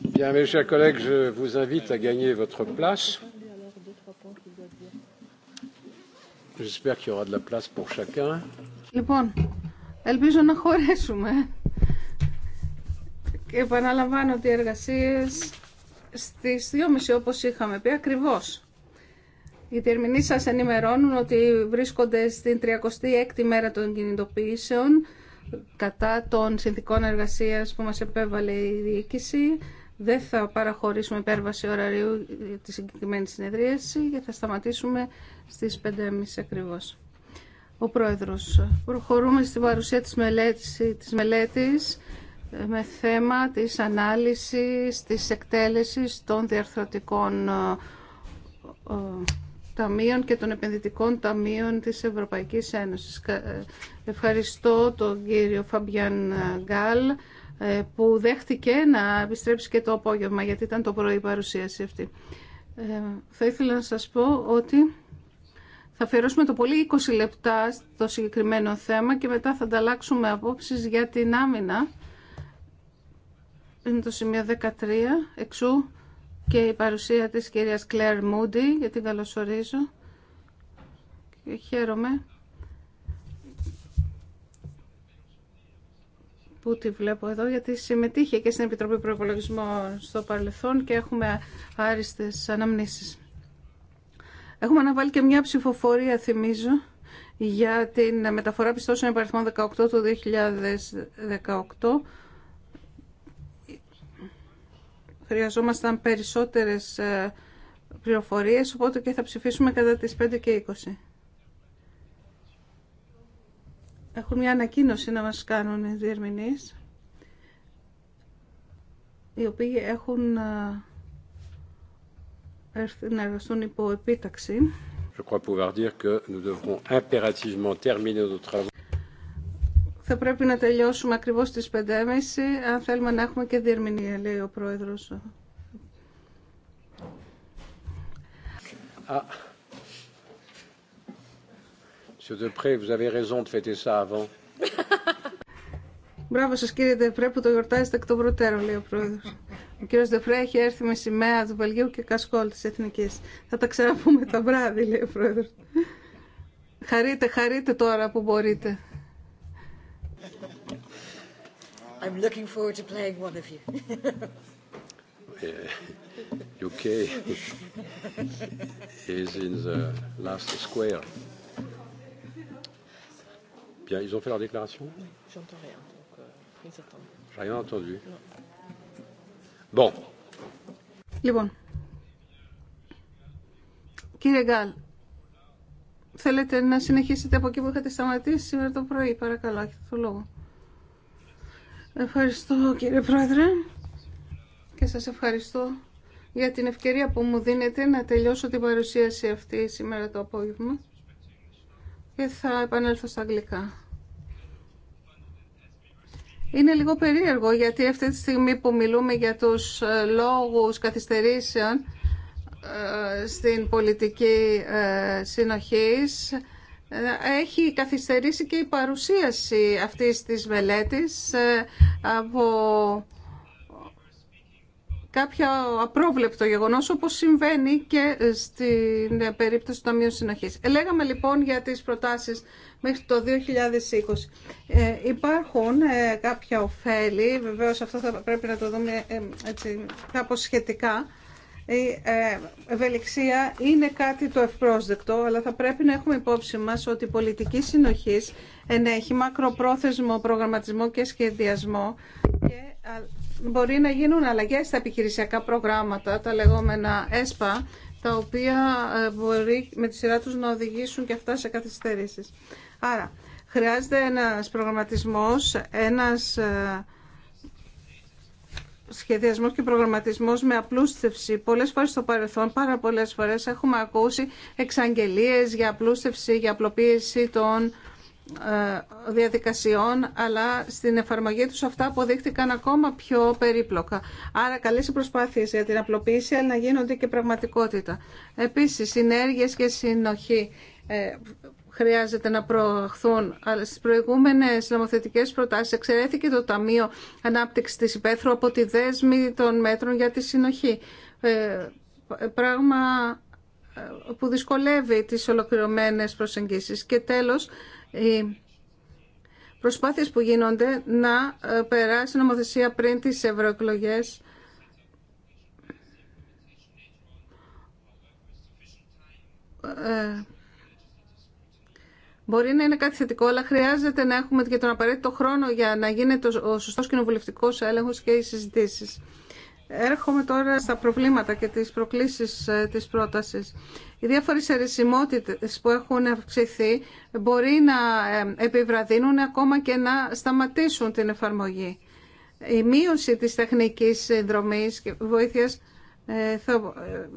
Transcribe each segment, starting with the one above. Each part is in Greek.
Bien, mes chers collègues, je vous invite à gagner votre place. J'espère qu'il y aura de la place pour chacun. Λοιπόν, ελπίζω να χωρέσουμε. Και επαναλαμβάνω ότι οι εργασίες στις 2.30 όπως είχαμε πει ακριβώς. Οι τερμινείς σας ενημερώνουν ότι βρίσκονται στην 36η μέρα των κινητοποιήσεων κατά των συνθηκών εργασίας που μας επέβαλε η διοίκηση. Δεν θα παραχωρήσουμε υπέρβαση ωραρίου τη συγκεκριμένη συνεδρίαση και θα σταματήσουμε στις 5.30 ακριβώς. Ο Πρόεδρος, προχωρούμε στην παρουσία της μελέτης, της μελέτης με θέμα της ανάλυσης της εκτέλεσης των διαρθρωτικών ε, ε, ταμείων και των επενδυτικών ταμείων της Ευρωπαϊκής Ένωσης. Ε, ευχαριστώ τον κύριο Φαμπιάν Γκάλ ε, που δέχτηκε να επιστρέψει και το απόγευμα γιατί ήταν το πρωί η παρουσίαση αυτή. Ε, θα ήθελα να σας πω ότι θα αφιερώσουμε το πολύ 20 λεπτά στο συγκεκριμένο θέμα και μετά θα ανταλλάξουμε απόψεις για την άμυνα. Είναι το σημείο 13, εξού και η παρουσία της κυρίας Κλέρ Μούντι, γιατί την καλωσορίζω. Και χαίρομαι που τη βλέπω εδώ γιατί συμμετείχε και στην Επιτροπή Προπολογισμών στο παρελθόν και έχουμε άριστες αναμνήσεις. Έχουμε αναβάλει και μια ψηφοφορία, θυμίζω, για την μεταφορά πιστώσεων υπαριθμών 18 του 2018 χρειαζόμασταν περισσότερες ε, πληροφορίες, οπότε και θα ψηφίσουμε κατά τις 5 και 20. Έχουν μια ανακοίνωση να μας κάνουν οι διερμηνείς, οι οποίοι έχουν ε, έρθει να εργαστούν υπό επίταξη. Θα πρέπει να τελειώσουμε ακριβώς στις 5.30, αν θέλουμε να έχουμε και διερμηνία, λέει ο Πρόεδρος. Ah. Monsieur Depré, vous avez raison Μπράβο σα, κύριε Δεπρέ που το γιορτάζετε εκ των προτέρων, λέει ο πρόεδρο. Ο έρθει με σημαία του Βελγίου και κασκόλ τη Εθνική. Θα τα ξαναπούμε τα βράδυ, λέει ο Χαρείτε, χαρείτε τώρα που μπορείτε. Eh, Bien, ils ont fait leur déclaration j'entends rien. Euh, J'ai rien entendu. Bon. Λοιπόν, κύριε Γκάλ, θέλετε να συνεχίσετε από εκεί που είχατε σταματήσει σήμερα το πρωί, παρακαλώ, έχετε το λόγο. Ευχαριστώ κύριε Πρόεδρε και σας ευχαριστώ για την ευκαιρία που μου δίνετε να τελειώσω την παρουσίαση αυτή σήμερα το απόγευμα και θα επανέλθω στα αγγλικά. Είναι λίγο περίεργο γιατί αυτή τη στιγμή που μιλούμε για τους ε, λόγους καθυστερήσεων ε, στην πολιτική ε, συνοχής έχει καθυστερήσει και η παρουσίαση αυτής της μελέτης από κάποιο απρόβλεπτο γεγονό όπω συμβαίνει και ε, στην ε, περίπτωση του Ταμείου συνοχή. Ε, λέγαμε λοιπόν για τι προτάσει μέχρι το 2020. υπάρχουν ε, κάποια ωφέλη, Βεβαίω, αυτό θα πρέπει να το δούμε ε, κάπως σχετικά. Η ευελιξία είναι κάτι το ευπρόσδεκτο, αλλά θα πρέπει να έχουμε υπόψη μας ότι η πολιτική συνοχή ενέχει μακροπρόθεσμο προγραμματισμό και σχεδιασμό μπορεί να γίνουν αλλαγές στα επιχειρησιακά προγράμματα, τα λεγόμενα ΕΣΠΑ, τα οποία ε, μπορεί με τη σειρά τους να οδηγήσουν και αυτά σε καθυστερήσεις. Άρα, χρειάζεται ένας προγραμματισμός, ένας ε, σχεδιασμός και προγραμματισμός με απλούστευση. Πολλές φορές στο παρελθόν, πάρα πολλές φορές, έχουμε ακούσει εξαγγελίες για απλούστευση, για απλοποίηση των ε, διαδικασιών, αλλά στην εφαρμογή τους αυτά αποδείχτηκαν ακόμα πιο περίπλοκα. Άρα καλές οι προσπάθειες για την απλοποίηση, αλλά να γίνονται και πραγματικότητα. Επίσης, συνέργειες και συνοχή ε, χρειάζεται να προαχθούν. Αλλά στις προηγούμενες νομοθετικές προτάσεις εξαιρέθηκε το Ταμείο Ανάπτυξης της Υπέθρου από τη δέσμη των μέτρων για τη συνοχή. Ε, πράγμα που δυσκολεύει τις ολοκληρωμένες προσεγγίσεις. Και τέλος, οι προσπάθειες που γίνονται να ε, περάσει νομοθεσία πριν τις ευρωεκλογέ. Ε, μπορεί να είναι κάτι θετικό, αλλά χρειάζεται να έχουμε και τον απαραίτητο χρόνο για να γίνεται ο σωστός κοινοβουλευτικός έλεγχος και οι συζητήσεις. Έρχομαι τώρα στα προβλήματα και τις προκλήσεις ε, της πρότασης. Οι διάφορες αρισιμότητες που έχουν αυξηθεί μπορεί να ε, επιβραδύνουν ακόμα και να σταματήσουν την εφαρμογή. Η μείωση της τεχνικής συνδρομής και βοήθειας ε,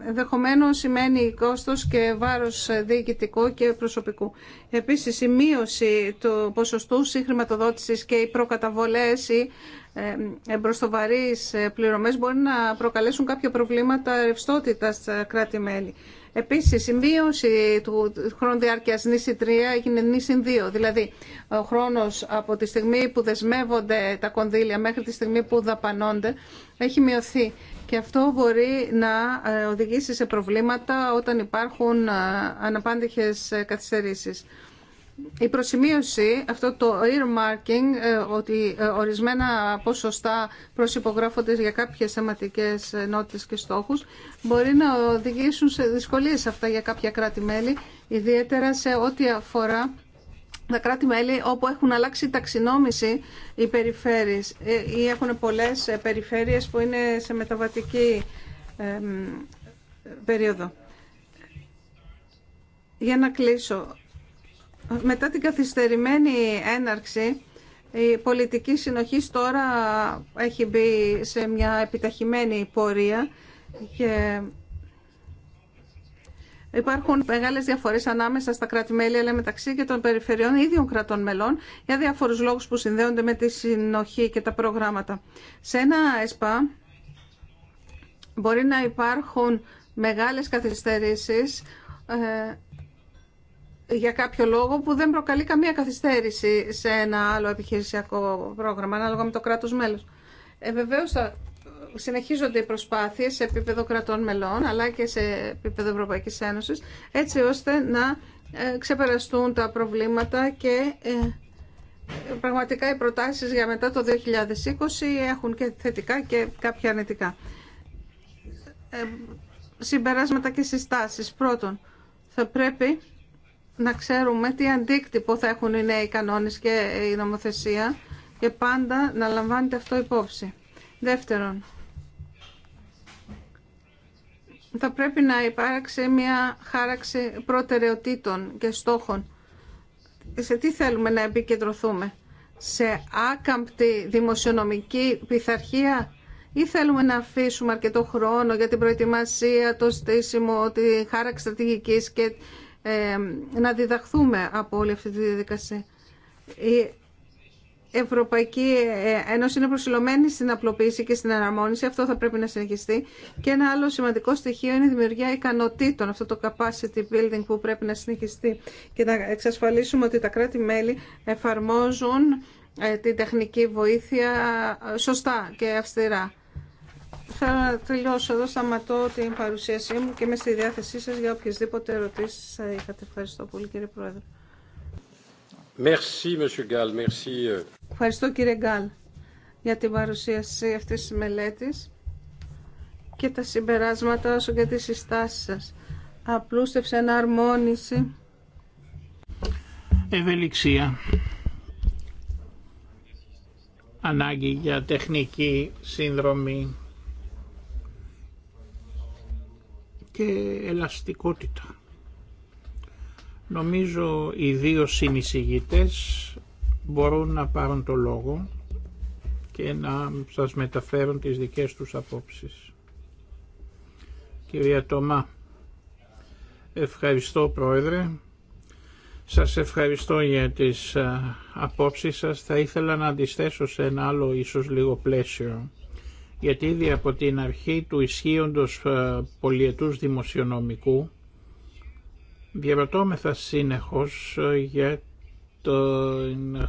ενδεχομένω σημαίνει κόστος και βάρος διοικητικού και προσωπικού. Επίσης η μείωση του ποσοστού συγχρηματοδότησης και οι προκαταβολές ε, εμπροστοβαρείς ε, πληρωμές μπορεί να προκαλέσουν κάποια προβλήματα ρευστότητα στα κράτη-μέλη. Επίσης, η μείωση του χρόνου διάρκεια νήση 3 έγινε νήση 2. Δηλαδή, ο χρόνος από τη στιγμή που δεσμεύονται τα κονδύλια μέχρι τη στιγμή που δαπανώνται έχει μειωθεί. Και αυτό μπορεί να ε, οδηγήσει σε προβλήματα όταν υπάρχουν αναπάντηχε καθυστερήσει η προσημείωση, αυτό το earmarking, ε, ότι ε, ορισμένα ποσοστά προσυπογράφονται για κάποιες θεματικές ενότητες και στόχους, μπορεί να οδηγήσουν σε δυσκολίες αυτά για κάποια κράτη-μέλη, ιδιαίτερα σε ό,τι αφορά τα κράτη-μέλη όπου έχουν αλλάξει ταξινόμηση οι περιφέρειες ε, ή έχουν πολλές περιφέρειες που είναι σε μεταβατική περίοδο. Για να κλείσω, μετά την καθυστερημένη έναρξη, η πολιτική συνοχή τώρα έχει μπει σε μια επιταχυμένη πορεία και υπάρχουν μεγάλες διαφορές ανάμεσα στα κράτη-μέλη αλλά μεταξύ και των περιφερειών ίδιων κρατών μελών για διάφορους λόγους που συνδέονται με τη συνοχή και τα προγράμματα. Σε ένα ΕΣΠΑ μπορεί να υπάρχουν μεγάλες καθυστερήσεις ε, για κάποιο λόγο που δεν προκαλεί καμία καθυστέρηση σε ένα άλλο επιχειρησιακό πρόγραμμα, ανάλογα με το κράτος μέλος. Ε, συνεχίζονται οι προσπάθειες σε επίπεδο κρατών μελών, αλλά και σε επίπεδο Ευρωπαϊκής Ένωσης, έτσι ώστε να ε, ξεπεραστούν τα προβλήματα και ε, πραγματικά οι προτάσεις για μετά το 2020 έχουν και θετικά και κάποια αρνητικά. Ε, συμπεράσματα και συστάσεις. Πρώτον, θα πρέπει να ξέρουμε τι αντίκτυπο θα έχουν οι νέοι κανόνες και η νομοθεσία και πάντα να λαμβάνετε αυτό υπόψη. Δεύτερον, θα πρέπει να υπάρξει μια χάραξη προτεραιοτήτων και στόχων. Σε τι θέλουμε να επικεντρωθούμε, σε άκαμπτη δημοσιονομική πειθαρχία ή θέλουμε να αφήσουμε αρκετό χρόνο για την προετοιμασία, το στήσιμο, τη χάραξη στρατηγικής ε, να διδαχθούμε από όλη αυτή τη διαδικασία. Η Ευρωπαϊκή ε, Ένωση είναι προσιλωμένη στην απλοποίηση και στην αναμόνιση. Αυτό θα πρέπει να συνεχιστεί. Και ένα άλλο σημαντικό στοιχείο είναι η δημιουργία ικανοτήτων, αυτό το capacity building που πρέπει να συνεχιστεί και να εξασφαλίσουμε ότι τα κράτη-μέλη εφαρμόζουν ε, την τεχνική βοήθεια σωστά και αυστηρά. Θα τελειώσω εδώ, σταματώ την παρουσίασή μου και είμαι στη διάθεσή σας για οποιασδήποτε ερωτήσεις θα είχατε. Ευχαριστώ πολύ κύριε Πρόεδρε. Merci, Monsieur Gall. Merci. Ευχαριστώ κύριε Γκάλ για την παρουσίαση αυτής της μελέτης και τα συμπεράσματα όσο και τις συστάσεις σας. Απλούστευσε εναρμόνιση. Ευελιξία. Ανάγκη για τεχνική σύνδρομη και ελαστικότητα. Νομίζω οι δύο συνεισηγητές μπορούν να πάρουν το λόγο και να σας μεταφέρουν τις δικές τους απόψεις. Κυρία Τομά, ευχαριστώ Πρόεδρε. Σας ευχαριστώ για τις απόψεις σας. Θα ήθελα να αντιστέσω σε ένα άλλο ίσως λίγο πλαίσιο γιατί ήδη από την αρχή του ισχύοντος ε, πολιετούς δημοσιονομικού διαρωτώμεθα σύνεχως ε, για το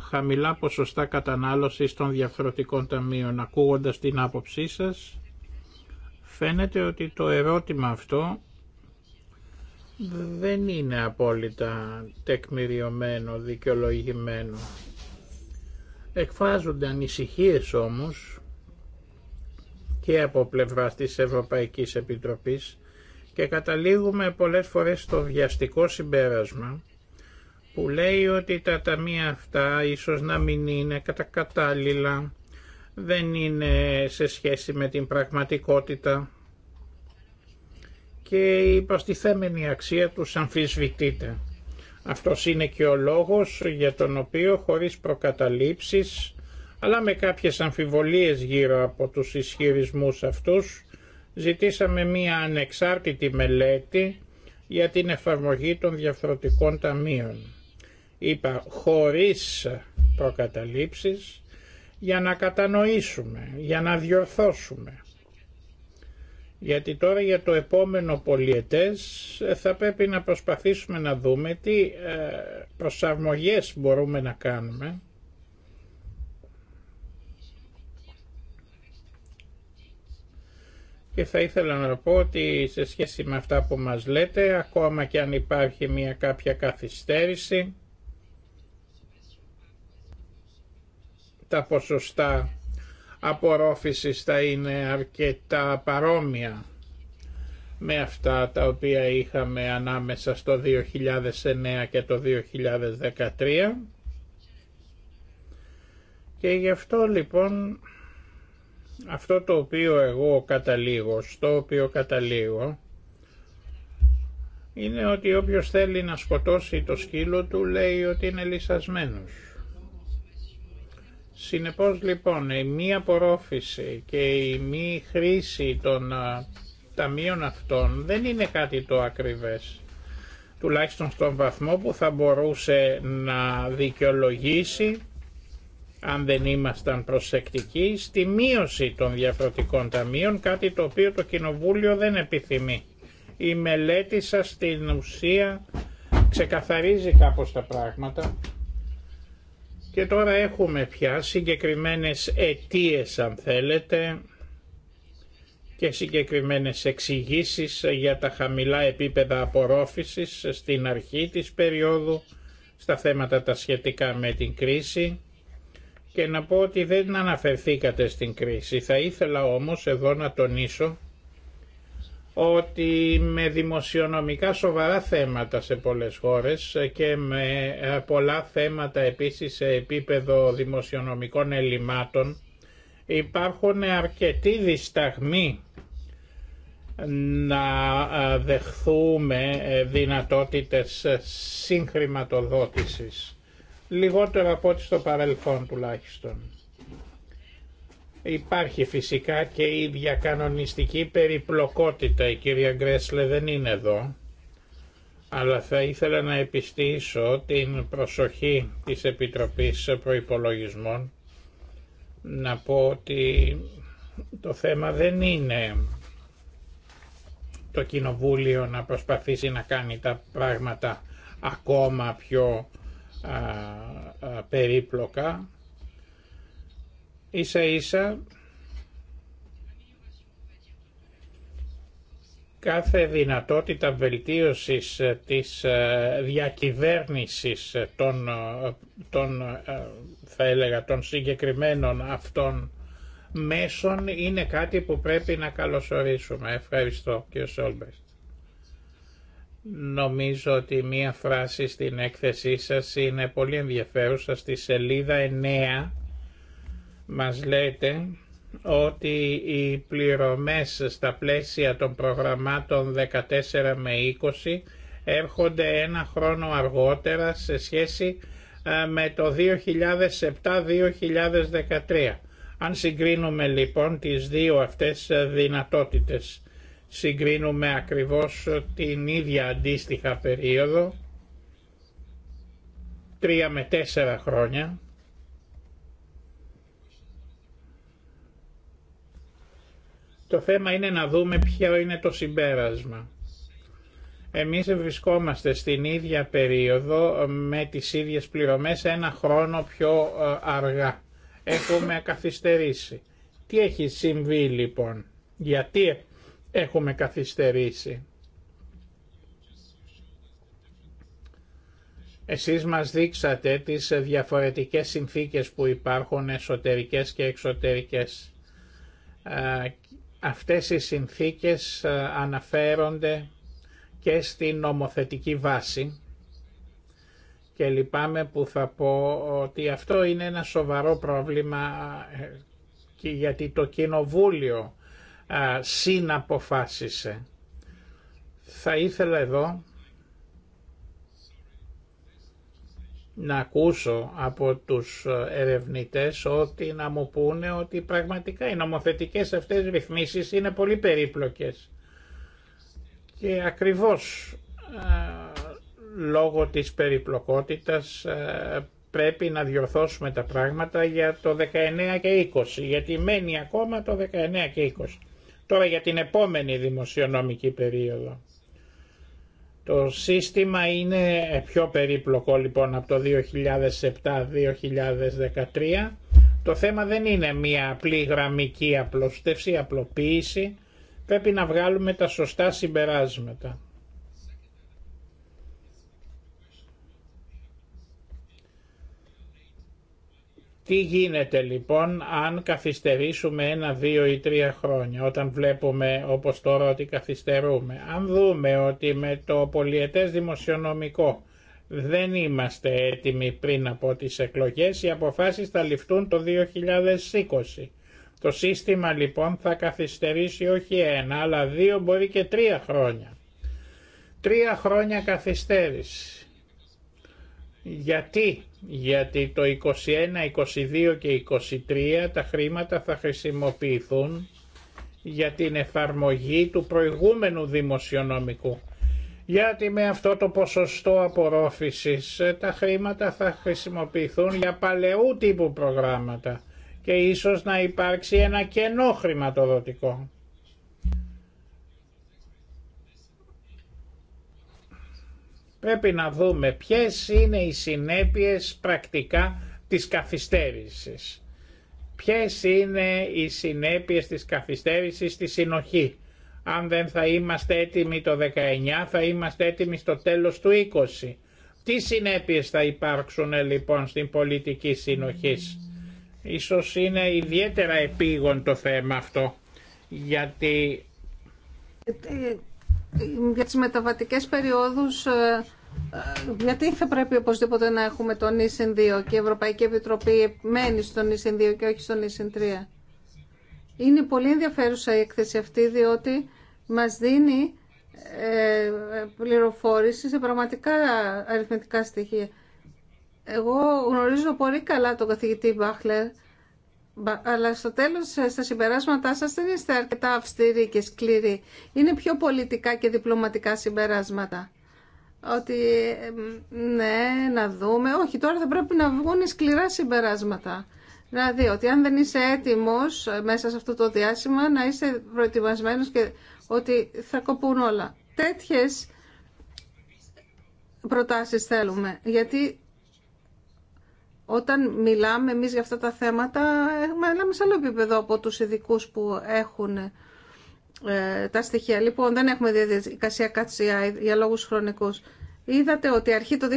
χαμηλά ποσοστά κατανάλωσης των διαφορετικών ταμείων. Ακούγοντας την άποψή σας, φαίνεται ότι το ερώτημα αυτό δεν είναι απόλυτα τεκμηριωμένο, δικαιολογημένο. Εκφράζονται ανησυχίες όμως και από πλευρά της Ευρωπαϊκής Επιτροπής και καταλήγουμε πολλές φορές στο βιαστικό συμπέρασμα που λέει ότι τα ταμεία αυτά ίσως να μην είναι κατά κατάλληλα, δεν είναι σε σχέση με την πραγματικότητα και η προστιθέμενη αξία του αμφισβητείται. Αυτός είναι και ο λόγος για τον οποίο χωρίς προκαταλήψεις αλλά με κάποιες αμφιβολίες γύρω από τους ισχυρισμούς αυτούς ζητήσαμε μία ανεξάρτητη μελέτη για την εφαρμογή των διαφορετικών ταμείων. Είπα χωρίς προκαταλήψεις για να κατανοήσουμε, για να διορθώσουμε. Γιατί τώρα για το επόμενο πολιετές θα πρέπει να προσπαθήσουμε να δούμε τι ε, προσαρμογές μπορούμε να κάνουμε Και θα ήθελα να πω ότι σε σχέση με αυτά που μας λέτε, ακόμα και αν υπάρχει μια κάποια καθυστέρηση, τα ποσοστά απορρόφησης θα είναι αρκετά παρόμοια με αυτά τα οποία είχαμε ανάμεσα στο 2009 και το 2013 και γι' αυτό λοιπόν αυτό το οποίο εγώ καταλήγω, στο οποίο καταλήγω, είναι ότι όποιος θέλει να σκοτώσει το σκύλο του λέει ότι είναι λυσασμένος. Συνεπώς λοιπόν η μη απορρόφηση και η μη χρήση των α, ταμείων αυτών δεν είναι κάτι το ακριβές. Τουλάχιστον στον βαθμό που θα μπορούσε να δικαιολογήσει αν δεν ήμασταν προσεκτικοί, στη μείωση των διαφορετικών ταμείων, κάτι το οποίο το Κοινοβούλιο δεν επιθυμεί. Η μελέτη σας στην ουσία ξεκαθαρίζει κάπως τα πράγματα και τώρα έχουμε πια συγκεκριμένες αιτίες αν θέλετε και συγκεκριμένες εξηγήσει για τα χαμηλά επίπεδα απορρόφησης στην αρχή της περίοδου στα θέματα τα σχετικά με την κρίση και να πω ότι δεν αναφερθήκατε στην κρίση. Θα ήθελα όμως εδώ να τονίσω ότι με δημοσιονομικά σοβαρά θέματα σε πολλές χώρες και με ε, πολλά θέματα επίσης σε επίπεδο δημοσιονομικών ελλημάτων υπάρχουν αρκετοί δισταγμοί να ε, δεχθούμε ε, δυνατότητες συγχρηματοδότησης λιγότερο από ό,τι στο παρελθόν τουλάχιστον. Υπάρχει φυσικά και η διακανονιστική περιπλοκότητα. Η κυρία Γκρέσλε δεν είναι εδώ, αλλά θα ήθελα να επιστήσω την προσοχή της Επιτροπής Προϋπολογισμών να πω ότι το θέμα δεν είναι το Κοινοβούλιο να προσπαθήσει να κάνει τα πράγματα ακόμα πιο περίπλοκα ίσα ίσα κάθε δυνατότητα βελτίωσης της ε, διακυβέρνησης των, ε, των ε, θα έλεγα των συγκεκριμένων αυτών μέσων είναι κάτι που πρέπει να καλωσορίσουμε. Ευχαριστώ κύριε Σόλμπεστ. Νομίζω ότι μία φράση στην έκθεσή σας είναι πολύ ενδιαφέρουσα. Στη σελίδα 9 μας λέτε ότι οι πληρωμές στα πλαίσια των προγραμμάτων 14 με 20 έρχονται ένα χρόνο αργότερα σε σχέση με το 2007-2013. Αν συγκρίνουμε λοιπόν τις δύο αυτές δυνατότητες συγκρίνουμε ακριβώς την ίδια αντίστοιχα περίοδο, τρία με τέσσερα χρόνια, Το θέμα είναι να δούμε ποιο είναι το συμπέρασμα. Εμείς βρισκόμαστε στην ίδια περίοδο με τις ίδιες πληρωμές ένα χρόνο πιο ε, αργά. Έχουμε καθυστερήσει. Τι έχει συμβεί λοιπόν, γιατί έχουμε καθυστερήσει. Εσείς μας δείξατε τις διαφορετικές συνθήκες που υπάρχουν εσωτερικές και εξωτερικές. Αυτές οι συνθήκες αναφέρονται και στην νομοθετική βάση και λυπάμαι που θα πω ότι αυτό είναι ένα σοβαρό πρόβλημα ε, γιατί το Κοινοβούλιο συναποφάσισε. Θα ήθελα εδώ να ακούσω από τους ερευνητές ότι να μου πούνε ότι πραγματικά οι νομοθετικές αυτές ρυθμίσεις είναι πολύ περίπλοκες. Και ακριβώς λόγω της περιπλοκότητας πρέπει να διορθώσουμε τα πράγματα για το 19 και 20, γιατί μένει ακόμα το 19 και 20. Τώρα για την επόμενη δημοσιονομική περίοδο. Το σύστημα είναι πιο περίπλοκο λοιπόν από το 2007-2013. Το θέμα δεν είναι μία απλή γραμμική απλωστεύση, απλοποίηση. Πρέπει να βγάλουμε τα σωστά συμπεράσματα. Τι γίνεται λοιπόν αν καθυστερήσουμε ένα, δύο ή τρία χρόνια όταν βλέπουμε όπως τώρα ότι καθυστερούμε. Αν δούμε ότι με το πολιετές δημοσιονομικό δεν είμαστε έτοιμοι πριν από τις εκλογές, οι αποφάσεις θα ληφθούν το 2020. Το σύστημα λοιπόν θα καθυστερήσει όχι ένα αλλά δύο μπορεί και τρία χρόνια. Τρία χρόνια καθυστέρηση. Γιατί γιατί το 21, 22 και 23 τα χρήματα θα χρησιμοποιηθούν για την εφαρμογή του προηγούμενου δημοσιονομικού. Γιατί με αυτό το ποσοστό απορρόφησης ε, τα χρήματα θα χρησιμοποιηθούν για παλαιού τύπου προγράμματα και ίσως να υπάρξει ένα κενό χρηματοδοτικό. Πρέπει να δούμε ποιες είναι οι συνέπειες πρακτικά της καθυστέρησης. Ποιες είναι οι συνέπειες της καθυστέρησης στη συνοχή. Αν δεν θα είμαστε έτοιμοι το 19 θα είμαστε έτοιμοι στο τέλος του 20. Τι συνέπειες θα υπάρξουν λοιπόν στην πολιτική συνοχή. Ίσως είναι ιδιαίτερα επίγον το θέμα αυτό γιατί για τις μεταβατικές περιόδους ε, ε, γιατί θα πρέπει οπωσδήποτε να έχουμε τον ΙΣΕΝ 2 και η Ευρωπαϊκή Επιτροπή μένει στον ΙΣΕΝ 2 και όχι στον ΙΣΕΝ 3. Είναι πολύ ενδιαφέρουσα η έκθεση αυτή διότι μας δίνει ε, πληροφόρηση σε πραγματικά αριθμητικά στοιχεία. Εγώ γνωρίζω πολύ καλά τον καθηγητή Μπάχλερ αλλά στο τέλος, ε, στα συμπεράσματά σας δεν είστε αρκετά αυστηροί και σκληροί. Είναι πιο πολιτικά και διπλωματικά συμπεράσματα. Ότι ναι, να δούμε. Όχι, τώρα θα πρέπει να βγουν σκληρά συμπεράσματα. Δηλαδή, ότι αν δεν είσαι έτοιμος ε, μέσα σε αυτό το διάστημα, να είσαι προετοιμασμένος και ότι θα κοπούν όλα. Τέτοιες προτάσεις θέλουμε, γιατί όταν μιλάμε εμείς για αυτά τα θέματα, μιλάμε σε άλλο επίπεδο από τους ειδικού που έχουν ε, τα στοιχεία. Λοιπόν, δεν έχουμε διαδικασία κάτσια για λόγους χρονικούς. Είδατε ότι αρχή το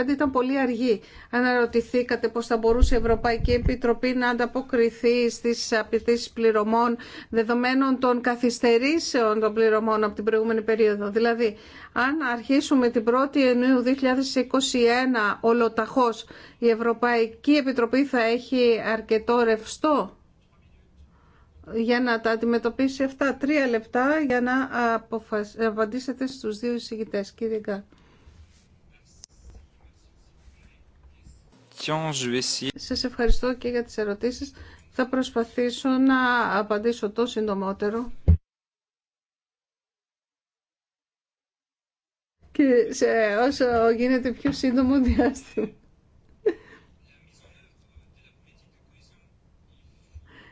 2014-2015 ήταν πολύ αργή. Αναρωτηθήκατε πώς θα μπορούσε η Ευρωπαϊκή Επιτροπή να ανταποκριθεί στις απαιτήσει πληρωμών δεδομένων των καθυστερήσεων των πληρωμών από την προηγούμενη περίοδο. Δηλαδή, αν αρχίσουμε την 1η Ιουνίου 2021 ολοταχώς, η ιανουιου 2021 ολοταχως Επιτροπή θα έχει αρκετό ρευστό για να τα αντιμετωπίσει αυτά. Τρία λεπτά για να απαντήσετε στους δύο εισηγητές. Κύριε Γκά. Σας ευχαριστώ και για τις ερωτήσεις. Θα προσπαθήσω να απαντήσω το συντομότερο. Και σε όσο γίνεται πιο σύντομο διάστημα.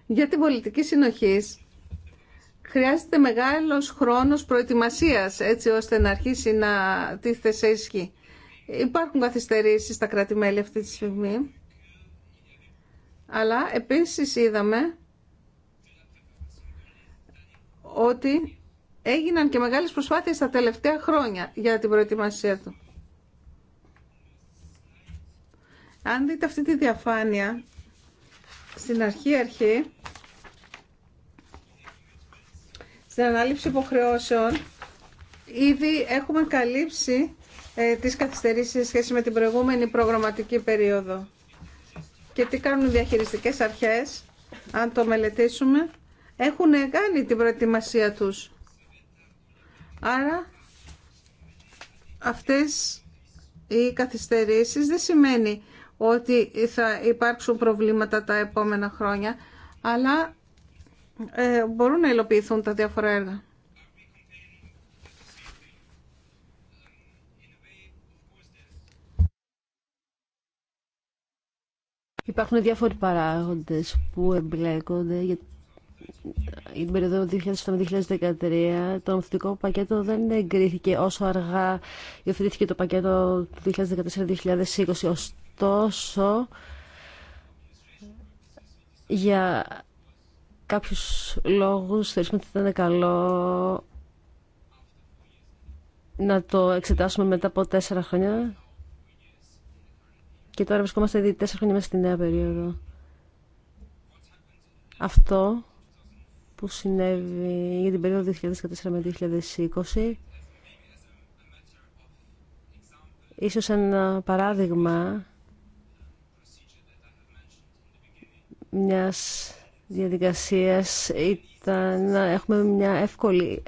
για την πολιτική συνοχής χρειάζεται μεγάλος χρόνος προετοιμασίας έτσι ώστε να αρχίσει να τη σε ισχύ. Υπάρχουν καθυστερήσεις στα κράτη-μέλη αυτή τη στιγμή. Αλλά επίσης είδαμε ότι έγιναν και μεγάλες προσπάθειες τα τελευταία χρόνια για την προετοιμασία του. Αν δείτε αυτή τη διαφάνεια, στην αρχή αρχή στην ανάληψη υποχρεώσεων ήδη έχουμε καλύψει ε, τις καθυστερήσεις σε σχέση με την προηγούμενη προγραμματική περίοδο. Και τι κάνουν οι διαχειριστικές αρχές, αν το μελετήσουμε, έχουν κάνει την προετοιμασία τους. Άρα αυτές οι καθυστερήσεις δεν σημαίνει ότι θα υπάρξουν προβλήματα τα επόμενα χρόνια, αλλά ε, μπορούν να υλοποιηθούν τα διάφορα έργα. Υπάρχουν διάφοροι παράγοντες που εμπλέκονται για την περίοδο 2007-2013. Το νομοθετικό πακέτο δεν εγκρίθηκε όσο αργά υιοθετήθηκε το πακέτο του 2014-2020. Ωστόσο, για κάποιους λόγους θεωρήσουμε ότι ήταν καλό να το εξετάσουμε μετά από τέσσερα χρόνια. Και τώρα βρισκόμαστε ήδη τέσσερα χρόνια μέσα στη νέα περίοδο. Αυτό που συνέβη για την περίοδο 2014 με 2020 ίσως ένα παράδειγμα μιας διαδικασίας ήταν να έχουμε μια εύκολη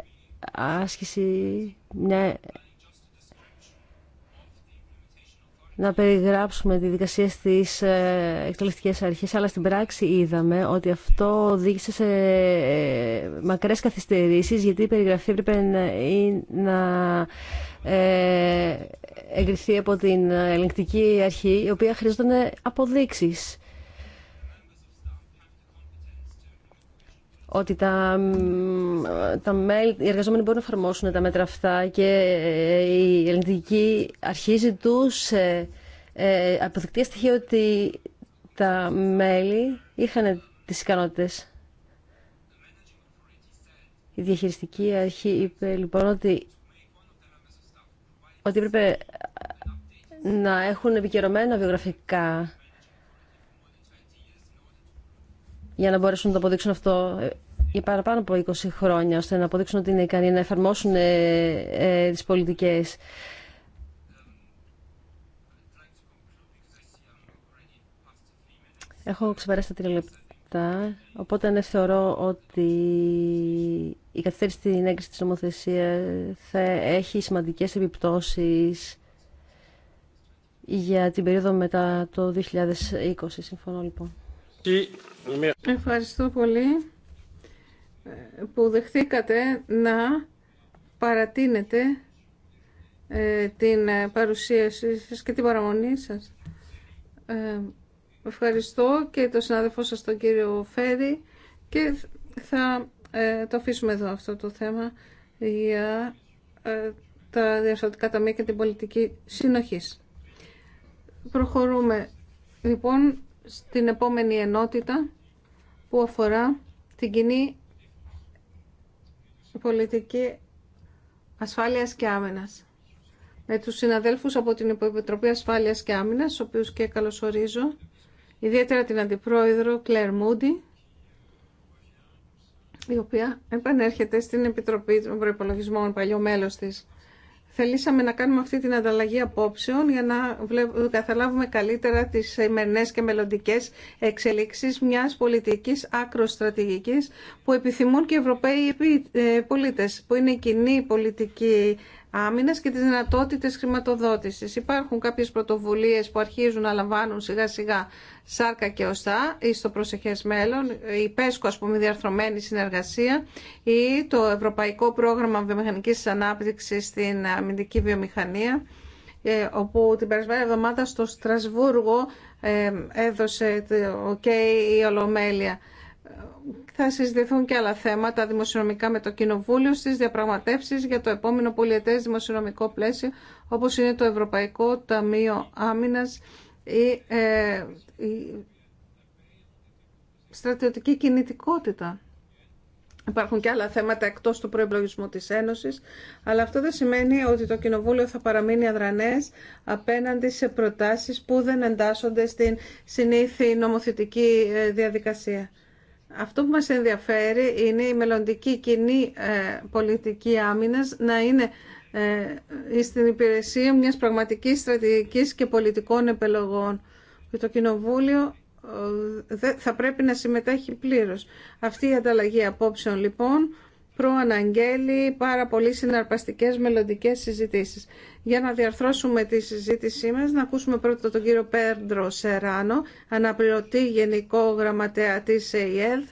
άσκηση, μια... να περιγράψουμε τη δικασία στις ε, εκτελεστικές αρχές, αλλά στην πράξη είδαμε ότι αυτό οδήγησε σε ε, μακρές καθυστερήσεις, γιατί η περιγραφή έπρεπε να ε, εγκριθεί από την ελεγκτική αρχή, η οποία χρειαζόταν αποδείξεις. ότι τα, τα μέλη, οι εργαζόμενοι μπορούν να εφαρμόσουν τα μέτρα αυτά και ε, η ελληνική αρχή ζητούσε ε, ε ότι τα μέλη είχαν τις ικανότητες. Η διαχειριστική αρχή είπε λοιπόν ότι, ότι έπρεπε να έχουν επικαιρωμένα βιογραφικά για να μπορέσουν να το αποδείξουν αυτό ε, για παραπάνω από 20 χρόνια, ώστε να αποδείξουν ότι είναι ικανοί να εφαρμόσουν ε, ε, τις πολιτικές. Έχω ξεπεράσει τα τρία λεπτά, οπότε ναι, θεωρώ ότι η καθυστέρηση στην έγκριση της νομοθεσία θα έχει σημαντικές επιπτώσεις για την περίοδο μετά το 2020. Συμφωνώ λοιπόν. Ευχαριστώ πολύ ε, που δεχθήκατε να παρατείνετε ε, την ε, παρουσίαση σας και την παραμονή σας. Ευχαριστώ και τον συνάδελφό σας τον κύριο Φέρη και θα το αφήσουμε εδώ αυτό το θέμα για τα διαστατικά ταμεία και την πολιτική συνοχής. Προχωρούμε λοιπόν στην επόμενη ενότητα που αφορά την κοινή πολιτική ασφάλειας και άμενας Με τους συναδέλφους από την Επιτροπή Ασφάλειας και Άμυνας, ο οποίους και καλωσορίζω, ιδιαίτερα την Αντιπρόεδρο Κλέρ Μούντι, η οποία επανέρχεται στην Επιτροπή των Προϋπολογισμών, παλιό μέλος της θελήσαμε να κάνουμε αυτή την ανταλλαγή απόψεων για να καταλάβουμε καλύτερα τις σημερινέ και μελλοντικέ εξελίξεις μιας πολιτικής άκρος στρατηγικής που επιθυμούν και οι Ευρωπαίοι ε, πολίτες, που είναι η κοινή πολιτική Άμυνα και τι δυνατότητε χρηματοδότηση. Υπάρχουν κάποιες πρωτοβουλίες που αρχίζουν να λαμβάνουν σιγά σιγά σάρκα και οστά ή στο προσεχές μέλλον, η ΠΕΣΚΟ α πούμε διαρθρωμένη συνεργασία ή το Ευρωπαϊκό Πρόγραμμα Βιομηχανικής Ανάπτυξη στην αμυντική βιομηχανία ε, όπου την περασμένη εβδομάδα στο Στρασβούργο ε, έδωσε το η Ολομέλεια θα συζητηθούν και άλλα θέματα δημοσιονομικά με το Κοινοβούλιο στις διαπραγματεύσεις για το επόμενο πολιετές δημοσιονομικό πλαίσιο όπως είναι το Ευρωπαϊκό Ταμείο Άμυνας ή ε, η στρατιωτική κινητικότητα. Υπάρχουν και άλλα θέματα εκτός του προεμπλογισμού της Ένωσης, αλλά αυτό δεν σημαίνει ότι το Κοινοβούλιο θα παραμείνει αδρανές απέναντι σε προτάσεις που δεν εντάσσονται στην συνήθι νομοθετική ε, διαδικασία. Αυτό που μας ενδιαφέρει είναι η μελλοντική κοινή ε, πολιτική άμυνας να είναι ε, στην υπηρεσία μιας πραγματικής στρατηγικής και πολιτικών επελογών. Και το Κοινοβούλιο ε, θα πρέπει να συμμετέχει πλήρως. Αυτή η ανταλλαγή απόψεων λοιπόν προαναγγέλει πάρα πολύ συναρπαστικές μελλοντικέ συζητήσεις. Για να διαρθρώσουμε τη συζήτησή μας, να ακούσουμε πρώτα τον κύριο Πέντρο Σεράνο, αναπληρωτή Γενικό Γραμματέα της ΕΙΕΔ,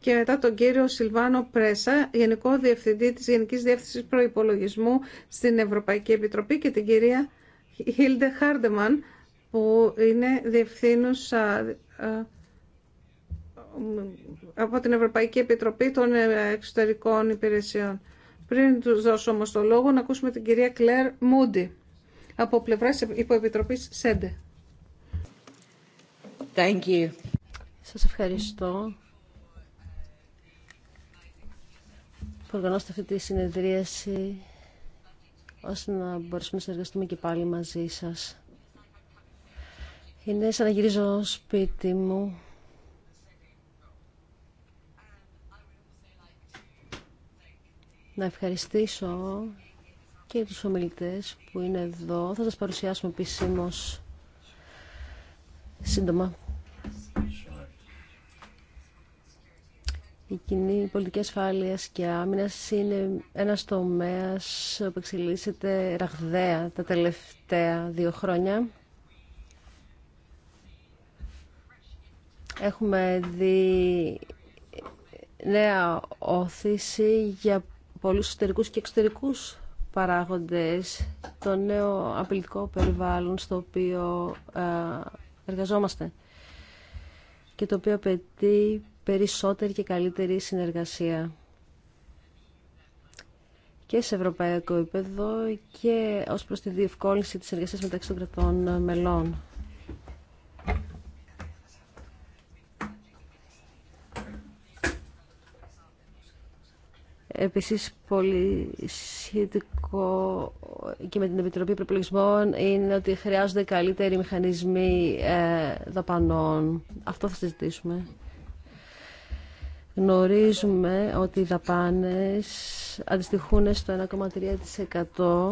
και μετά τον κύριο Σιλβάνο Πρέσα, Γενικό Διευθυντή της Γενικής Διεύθυνσης Προϋπολογισμού στην Ευρωπαϊκή Επιτροπή και την κυρία Χίλντε Χάρντεμαν, που είναι διευθύνουσα ε, από την Ευρωπαϊκή Επιτροπή των ε, Εξωτερικών Υπηρεσιών. Πριν του δώσω όμω το λόγο, να ακούσουμε την κυρία Κλέρ Μούντι από πλευράς υποεπιτροπή ΣΕΝΤΕ. Σα ευχαριστώ που οργανώσετε αυτή τη συνεδρίαση ώστε να μπορέσουμε να συνεργαστούμε και πάλι μαζί σας. Είναι σαν να γυρίζω σπίτι μου να ευχαριστήσω και τους ομιλητές που είναι εδώ. Θα σας παρουσιάσουμε επισήμω σύντομα. Η κοινή πολιτική ασφάλεια και άμυνα είναι ένα τομέα που εξελίσσεται ραγδαία τα τελευταία δύο χρόνια. Έχουμε δει νέα όθηση για πολλούς εσωτερικούς και εξωτερικούς παράγοντες, το νέο απειλητικό περιβάλλον στο οποίο ε, εργαζόμαστε και το οποίο απαιτεί περισσότερη και καλύτερη συνεργασία και σε ευρωπαϊκό επίπεδο και ως προς τη διευκόλυνση της εργασίας μεταξύ των κρατών μελών. Επίσης, πολύ σχετικό και με την Επιτροπή Προπολογισμών είναι ότι χρειάζονται καλύτεροι μηχανισμοί ε, δαπανών. Αυτό θα συζητήσουμε. Γνωρίζουμε ότι οι δαπάνες αντιστοιχούν στο 1,3%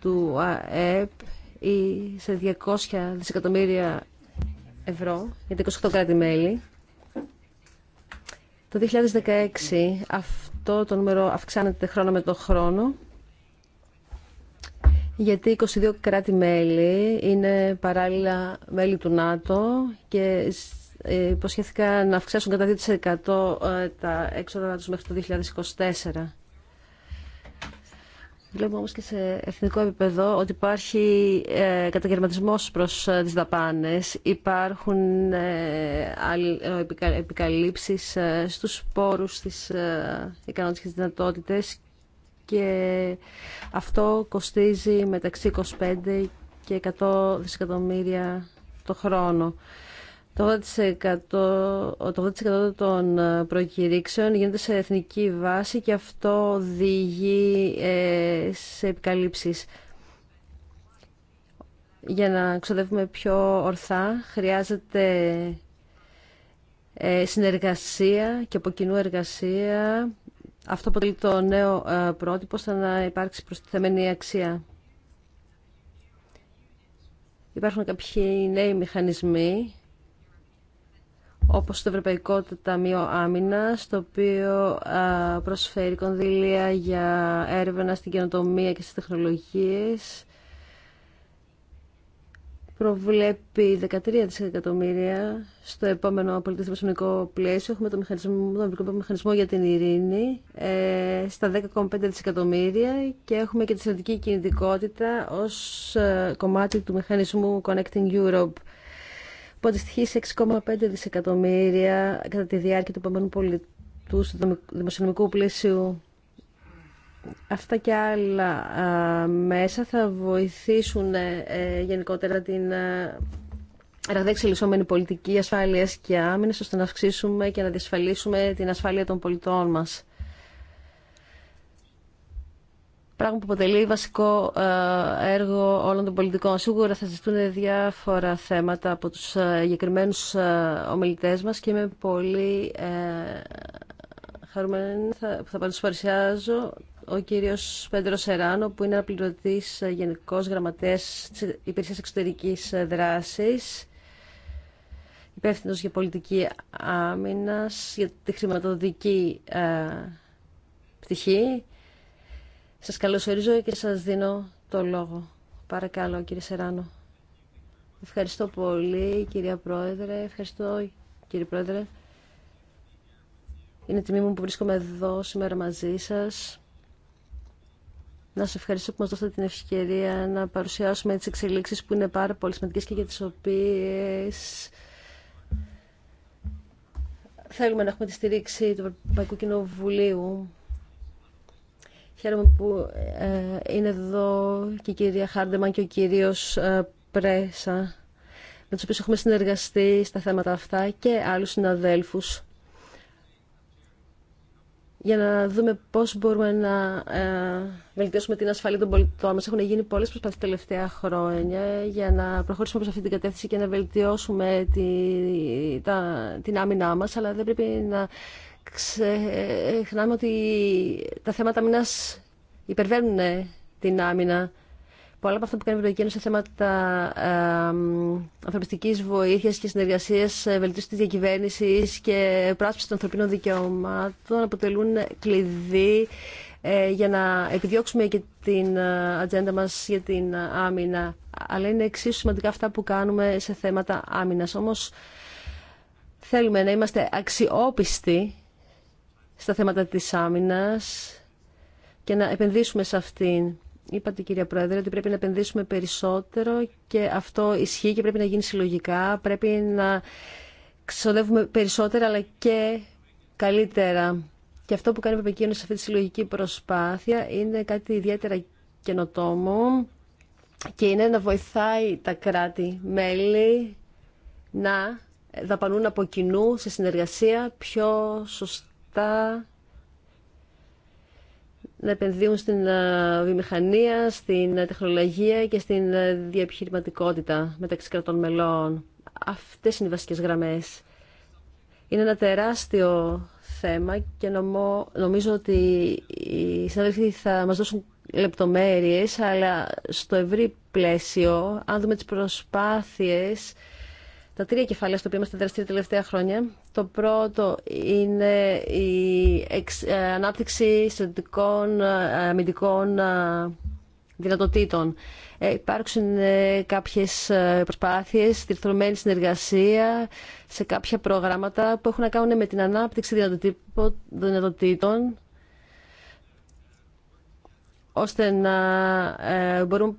του ΑΕΠ ή σε 200 δισεκατομμύρια ευρώ για 28 κράτη-μέλη. Το 2016 αυτό το νούμερο αυξάνεται χρόνο με το χρόνο γιατί 22 κράτη-μέλη είναι παράλληλα μέλη του ΝΑΤΟ και ε, υποσχέθηκαν να αυξάσουν κατά 2% ε, τα έξοδα τους μέχρι το 2024. Βλέπουμε όμως και σε εθνικό επίπεδο ότι υπάρχει ε, καταγερματισμός προς ε, τις δαπάνες. Υπάρχουν ε, ε επικαλύψεις ε, στους πόρους, της ε, ικανότητας και και αυτό κοστίζει μεταξύ 25 και 100 δισεκατομμύρια το χρόνο. Το 80% των ε, προκηρύξεων γίνεται σε εθνική βάση και αυτό οδηγεί ε, σε επικαλύψεις. Για να ξοδεύουμε πιο ορθά χρειάζεται ε, συνεργασία και από κοινού εργασία. Αυτό αποτελεί το νέο πρότυπο ώστε να υπάρξει προστιθεμένη αξία. Υπάρχουν κάποιοι νέοι μηχανισμοί όπως το Ευρωπαϊκό Ταμείο Άμυνα, το οποίο προσφέρει κονδύλια για έρευνα στην καινοτομία και στις τεχνολογίες. Προβλέπει 13 δισεκατομμύρια στο επόμενο πολιτισμικό πλαίσιο. Έχουμε το μηχανισμό, μηχανισμό για την ειρήνη ε, στα 10,5 δισεκατομμύρια και έχουμε και τη συνολική κινητικότητα ως ε, κομμάτι του μηχανισμού Connecting Europe που αντιστοιχεί σε 6,5 δισεκατομμύρια κατά τη διάρκεια του επόμενου πολιτού δημοσιονομικού πλαίσιου. Αυτά και άλλα μέσα θα βοηθήσουν ε, ε, γενικότερα την ε, πολιτική ασφάλειας και άμυνας ώστε να αυξήσουμε και να διασφαλίσουμε την ασφάλεια των πολιτών μας. πράγμα που αποτελεί βασικό ε, έργο όλων των πολιτικών. Σίγουρα θα ζητούν διάφορα θέματα από τους εγκεκριμένου ε, ομιλητές μας και είμαι πολύ ε, χαρούμενη που θα παρουσιάζω ο κύριος Πέντρο Σεράνο που είναι αναπληρωτής γενικός γραμματέας της Υπηρεσίας Εξωτερικής Δράσης υπεύθυνο για πολιτική άμυνας, για τη χρηματοδοτική πτυχή σας καλωσορίζω και σας δίνω το λόγο. Παρακαλώ κύριε Σεράνο. Ευχαριστώ πολύ κυρία Πρόεδρε. Ευχαριστώ κύριε Πρόεδρε. Είναι τιμή μου που βρίσκομαι εδώ σήμερα μαζί σας. Να σας ευχαριστώ που μας δώσατε την ευκαιρία να παρουσιάσουμε τις εξελίξεις που είναι πάρα πολύ σημαντικές και για τις οποίες θέλουμε να έχουμε τη στήριξη του Ευρωπαϊκού Κοινοβουλίου Χαίρομαι που ε, είναι εδώ και η κυρία Χάρντεμαν και ο κύριος ε, Πρέσα, με τους οποίους έχουμε συνεργαστεί στα θέματα αυτά και άλλους συναδέλφους για να δούμε πώς μπορούμε να ε, βελτιώσουμε την ασφαλή των πολιτών μας. Έχουν γίνει πολλές προσπάθειες τελευταία χρόνια για να προχωρήσουμε προς αυτή την κατεύθυνση και να βελτιώσουμε τη, τα, την άμυνά μας, αλλά δεν πρέπει να ξεχνάμε ότι τα θέματα μηνάς υπερβαίνουν ε, την άμυνα. Πολλά από αυτά που κάνει η Ευρωπαϊκή Ένωση σε θέματα ανθρωπιστική βοήθεια και συνεργασία, ε, βελτίωση τη διακυβέρνηση και πράσπιση των ανθρωπίνων δικαιωμάτων αποτελούν κλειδί ε, για να επιδιώξουμε και την ατζέντα μα για την άμυνα. Αλλά είναι εξίσου σημαντικά αυτά που κάνουμε σε θέματα άμυνα. Όμως θέλουμε να είμαστε αξιόπιστοι στα θέματα της άμυνας και να επενδύσουμε σε αυτήν. Είπατε κυρία Πρόεδρε ότι πρέπει να επενδύσουμε περισσότερο και αυτό ισχύει και πρέπει να γίνει συλλογικά. Πρέπει να ξοδεύουμε περισσότερα αλλά και καλύτερα. Και αυτό που κάνει η σε αυτή τη συλλογική προσπάθεια είναι κάτι ιδιαίτερα καινοτόμο και είναι να βοηθάει τα κράτη-μέλη να δαπανούν από κοινού σε συνεργασία πιο σωστά να επενδύουν στην ε, βιομηχανία, στην ε, τεχνολογία και στην ε, διαπιχειρηματικότητα μεταξύ κρατών μελών. Αυτές είναι οι βασικές γραμμές. Είναι ένα τεράστιο θέμα και νομίζω ότι οι συνάδελφοι θα μας δώσουν λεπτομέρειες, αλλά στο ευρύ πλαίσιο, αν δούμε τις προσπάθειες τα τρία κεφάλαια στο οποίο είμαστε τα τελευταία χρόνια. Το πρώτο είναι η ε, ανάπτυξη στρατιωτικών ε, αμυντικών ε, δυνατοτήτων. Υπάρξουν κάποιες προσπάθειες, διερθρωμένη συνεργασία σε κάποια προγράμματα που έχουν να κάνουν με την ανάπτυξη δυνατοτήτων ώστε να μπορούμε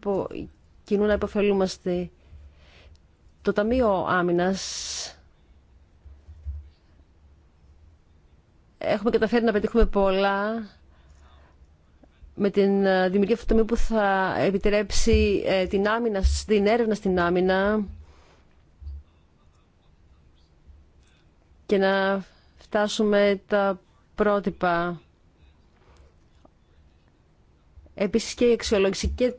κοινού να υποφελούμαστε το Ταμείο Άμυνας έχουμε καταφέρει να πετύχουμε πολλά με την ε, δημιουργία αυτού του που θα επιτρέψει ε, την, άμυνα, την έρευνα στην άμυνα και να φτάσουμε τα πρότυπα. Επίσης και η αξιολόγηση και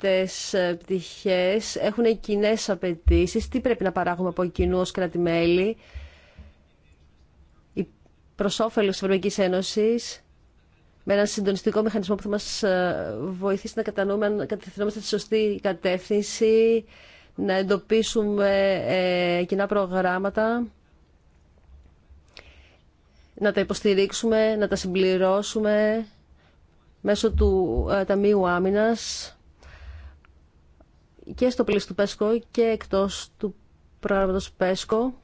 αυτές ε, πτυχές έχουν κοινέ απαιτήσει. Τι πρέπει να παράγουμε από κοινού ως κρατημέλη προς όφελος της Ευρωπαϊκής Ένωσης με έναν συντονιστικό μηχανισμό που θα μας ε, βοηθήσει να κατανοούμε αν κατευθυνόμαστε στη σωστή κατεύθυνση, να εντοπίσουμε ε, κοινά προγράμματα, να τα υποστηρίξουμε, να τα συμπληρώσουμε μέσω του Ταμείου Άμυνας και στο πλαίσιο του ΠΕΣΚΟ και εκτός του προγράμματος ΠΕΣΚΟ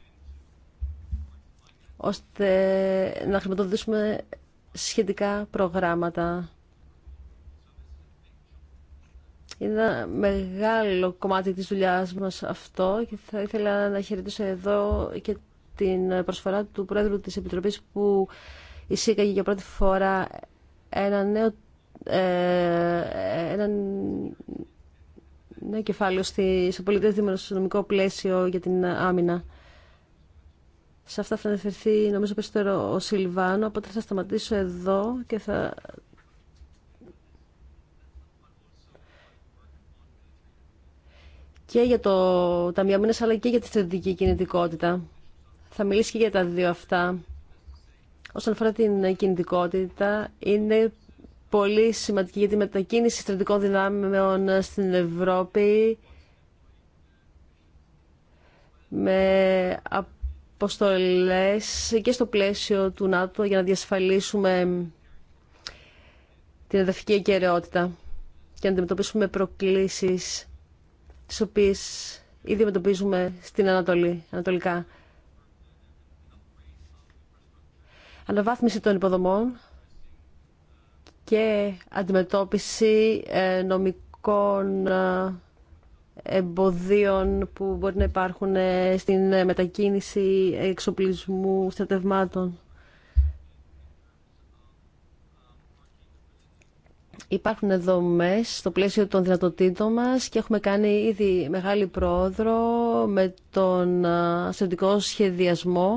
ώστε να χρηματοδοτήσουμε σχετικά προγράμματα. Είναι ένα μεγάλο κομμάτι της δουλειάς μας αυτό και θα ήθελα να χαιρετήσω εδώ και την προσφορά του Πρόεδρου της Επιτροπής που εισήκαγε για πρώτη φορά ένα νέο, ε, ένα ναι κεφάλαιο στη, στο δημοσιονομικό πλαίσιο για την άμυνα. Σε αυτά θα αναφερθεί νομίζω περισσότερο ο Σιλβάνο, οπότε θα σταματήσω εδώ και θα... Και για το Ταμείο Μήνες, αλλά και για τη στρατηγική κινητικότητα. Θα μιλήσει και για τα δύο αυτά. Όσον αφορά την κινητικότητα, είναι πολύ σημαντική για τη μετακίνηση στρατικών δυνάμεων στην Ευρώπη με αποστολές και στο πλαίσιο του ΝΑΤΟ για να διασφαλίσουμε την εδαφική αικαιρεότητα και να αντιμετωπίσουμε προκλήσεις τις οποίες ήδη αντιμετωπίζουμε στην Ανατολή, ανατολικά. Αναβάθμιση των υποδομών και αντιμετώπιση ε, νομικών ε, εμποδίων που μπορεί να υπάρχουν ε, στην μετακίνηση εξοπλισμού στρατευμάτων. Υπάρχουν δομές στο πλαίσιο των δυνατοτήτων μας και έχουμε κάνει ήδη μεγάλη πρόοδρο με τον αστυνομικό σχεδιασμό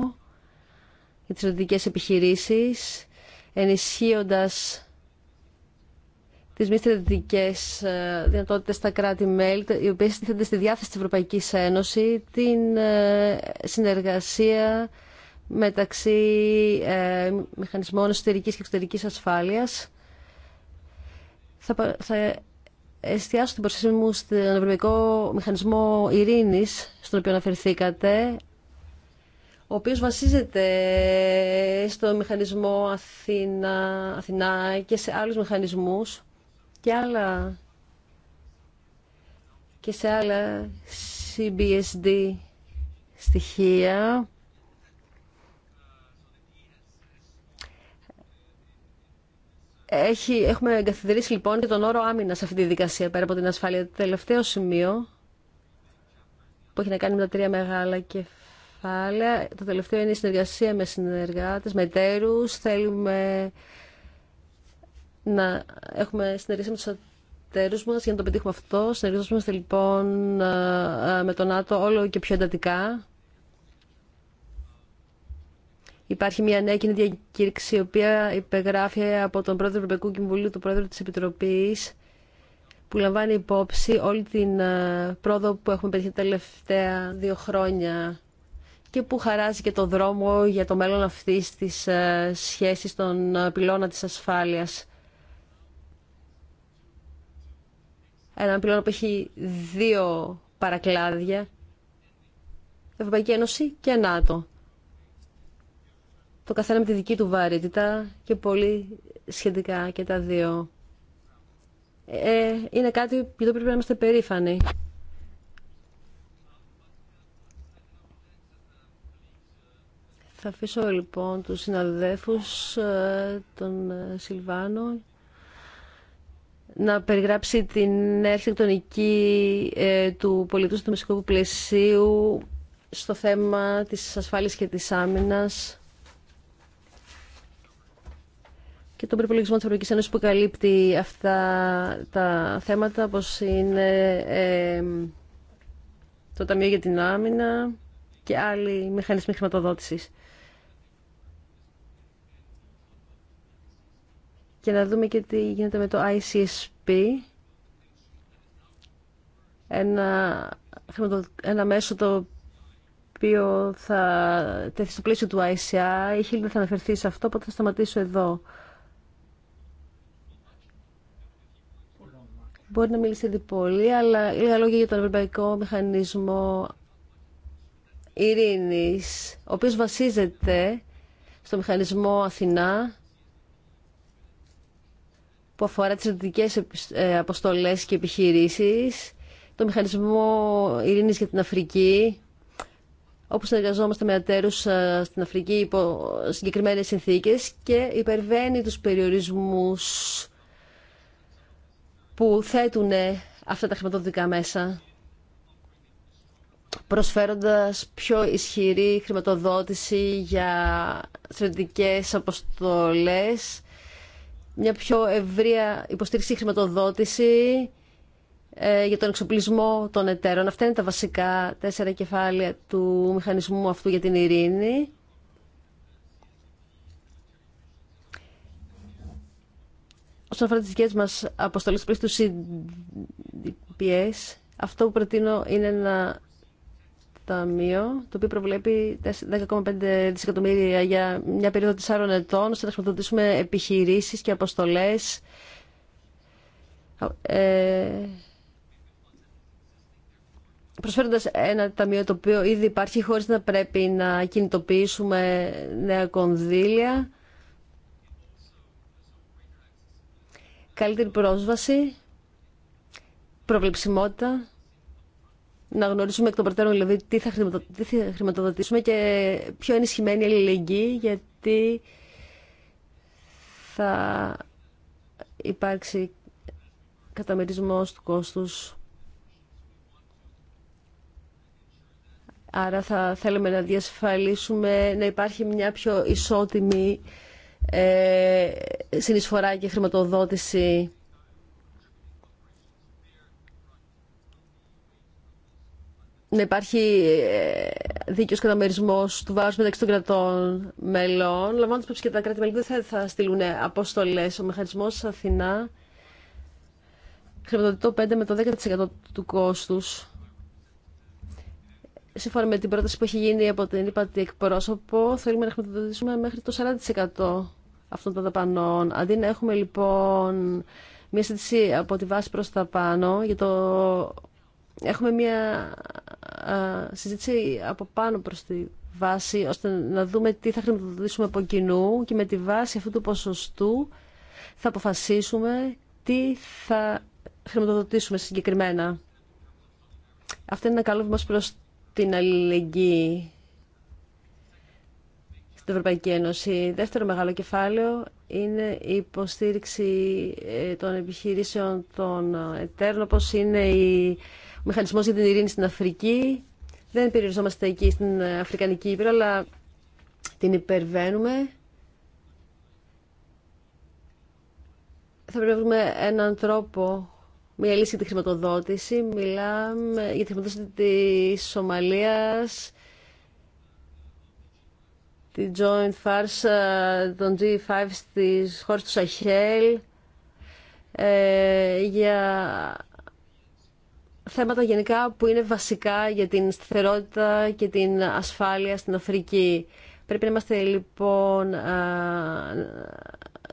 για τις στρατιωτικές επιχειρήσεις, ενισχύοντας τι μη στρατιωτικέ ε, δυνατότητες στα κράτη-μέλη, οι οποίες τίθενται στη διάθεση τη Ευρωπαϊκής Ένωση, την ε, συνεργασία μεταξύ ε, μηχανισμών εσωτερικής και εξωτερικής ασφάλειας. Θα, θα εστιάσω την προσέγγιση μου στον Ευρωπαϊκό Μηχανισμό Ειρήνης, στον οποίο αναφερθήκατε, ο οποίος βασίζεται στο μηχανισμό Αθήνα, Αθηνά και σε άλλους μηχανισμούς και άλλα και σε άλλα CBSD στοιχεία Έχει, έχουμε εγκαθιδρύσει λοιπόν και τον όρο άμυνα σε αυτή τη δικασία πέρα από την ασφάλεια. Το τελευταίο σημείο που έχει να κάνει με τα τρία μεγάλα κεφάλαια. Το τελευταίο είναι η συνεργασία με συνεργάτες, με εταίρους. Θέλουμε να έχουμε συνεργασία με τους εταίρους μας για να το πετύχουμε αυτό. Συνεργαζόμαστε λοιπόν με τον ΝΑΤΟ όλο και πιο εντατικά. Υπάρχει μια νέα κοινή διακήρυξη, η οποία υπεγράφει από τον πρόεδρο του Ευρωπαϊκού Κοινοβουλίου, τον πρόεδρο της Επιτροπής, που λαμβάνει υπόψη όλη την πρόοδο που έχουμε πετύχει τα τελευταία δύο χρόνια και που χαράζει και το δρόμο για το μέλλον αυτής της σχέσης των πυλώνα της ασφάλειας. έναν πυλώνα που έχει δύο παρακλάδια, Ευρωπαϊκή Ένωση και ΝΑΤΟ. Το καθένα με τη δική του βαρύτητα και πολύ σχετικά και τα δύο. Ε, είναι κάτι που το πρέπει να είμαστε περήφανοι. Θα αφήσω λοιπόν τους συναδέφους ε, τον ε, Σιλβάνο να περιγράψει την αρχιτεκτονική ε, του πολιτού του μεσικού πλαισίου στο θέμα της ασφάλειας και της άμυνας και τον προπολογισμό της Ευρωπαϊκής Ένωσης που καλύπτει αυτά τα θέματα όπως είναι ε, το Ταμείο για την Άμυνα και άλλοι μηχανισμοί χρηματοδότησης. και να δούμε και τι γίνεται με το ICSP, ένα, ένα μέσο το οποίο θα τεθεί στο πλαίσιο του ICI. Η Χίλη δεν θα αναφερθεί σε αυτό, οπότε θα σταματήσω εδώ. Μπορεί να μιλήσετε πολύ, αλλά λίγα λόγια για τον Ευρωπαϊκό Μηχανισμό Ειρήνης, ο οποίος βασίζεται στο Μηχανισμό Αθηνά που αφορά τις ρητικές ε, αποστολές και επιχειρήσεις, το μηχανισμό ειρήνης για την Αφρική, όπου συνεργαζόμαστε με ατέρους ε, στην Αφρική υπό συγκεκριμένες συνθήκες και υπερβαίνει τους περιορισμούς που θέτουν αυτά τα χρηματοδοτικά μέσα προσφέροντας πιο ισχυρή χρηματοδότηση για στρατιωτικές αποστολές μια πιο ευρεία υποστήριξη χρηματοδότηση ε, για τον εξοπλισμό των εταίρων. Αυτά είναι τα βασικά τέσσερα κεφάλαια του μηχανισμού αυτού για την ειρήνη. Όσον αφορά τις δικές μας αποστολές πλήρες του CDPS, αυτό που προτείνω είναι να ταμείο, το οποίο προβλέπει 10,5 δισεκατομμύρια για μια περίοδο 4 ετών, ώστε να χρηματοδοτήσουμε επιχειρήσεις και αποστολές ε, προσφέροντας ένα ταμείο το οποίο ήδη υπάρχει χωρίς να πρέπει να κινητοποιήσουμε νέα κονδύλια. Καλύτερη πρόσβαση, προβλεψιμότητα να γνωρίσουμε εκ των προτέρων δηλαδή τι θα, χρηματοδοτήσουμε και πιο ενισχυμένη αλληλεγγύη γιατί θα υπάρξει καταμερισμός του κόστους. Άρα θα θέλουμε να διασφαλίσουμε να υπάρχει μια πιο ισότιμη ε, συνεισφορά και χρηματοδότηση να υπάρχει ε, δίκαιο καταμερισμό του βάρου μεταξύ των κρατών μελών, Λαμβάνοντα υπόψη και τα κράτη-μέλη δεν θα, θα στείλουν αποστολέ. Ο μηχανισμό Αθηνά χρηματοδοτεί το 5 με το 10% του κόστους. Σύμφωνα με την πρόταση που έχει γίνει από την ύπατη εκπρόσωπο, θέλουμε να χρηματοδοτήσουμε μέχρι το 40% αυτών των δαπανών. Αντί να έχουμε λοιπόν μια συζήτηση από τη βάση προ τα πάνω για το έχουμε μια συζήτηση από πάνω προς τη βάση, ώστε να δούμε τι θα χρηματοδοτήσουμε από κοινού και με τη βάση αυτού του ποσοστού θα αποφασίσουμε τι θα χρηματοδοτήσουμε συγκεκριμένα. Αυτό είναι ένα καλό βήμα προς την αλληλεγγύη στην Ευρωπαϊκή Ένωση. Δεύτερο μεγάλο κεφάλαιο είναι η υποστήριξη ε, των επιχειρήσεων των εταίρων, όπως είναι η μηχανισμός για την ειρήνη στην Αφρική. Δεν περιοριζόμαστε εκεί στην ε, Αφρικανική Ήπειρο, αλλά την υπερβαίνουμε. Θα πρέπει να βρούμε έναν τρόπο, μια λύση για τη χρηματοδότηση. Μιλάμε για τη χρηματοδότηση της Σομαλίας, τη Joint Farce, ε, των G5 στις χώρες του Σαχέλ, ε, για θέματα γενικά που είναι βασικά για την σταθερότητα και την ασφάλεια στην Αφρική. Πρέπει να είμαστε λοιπόν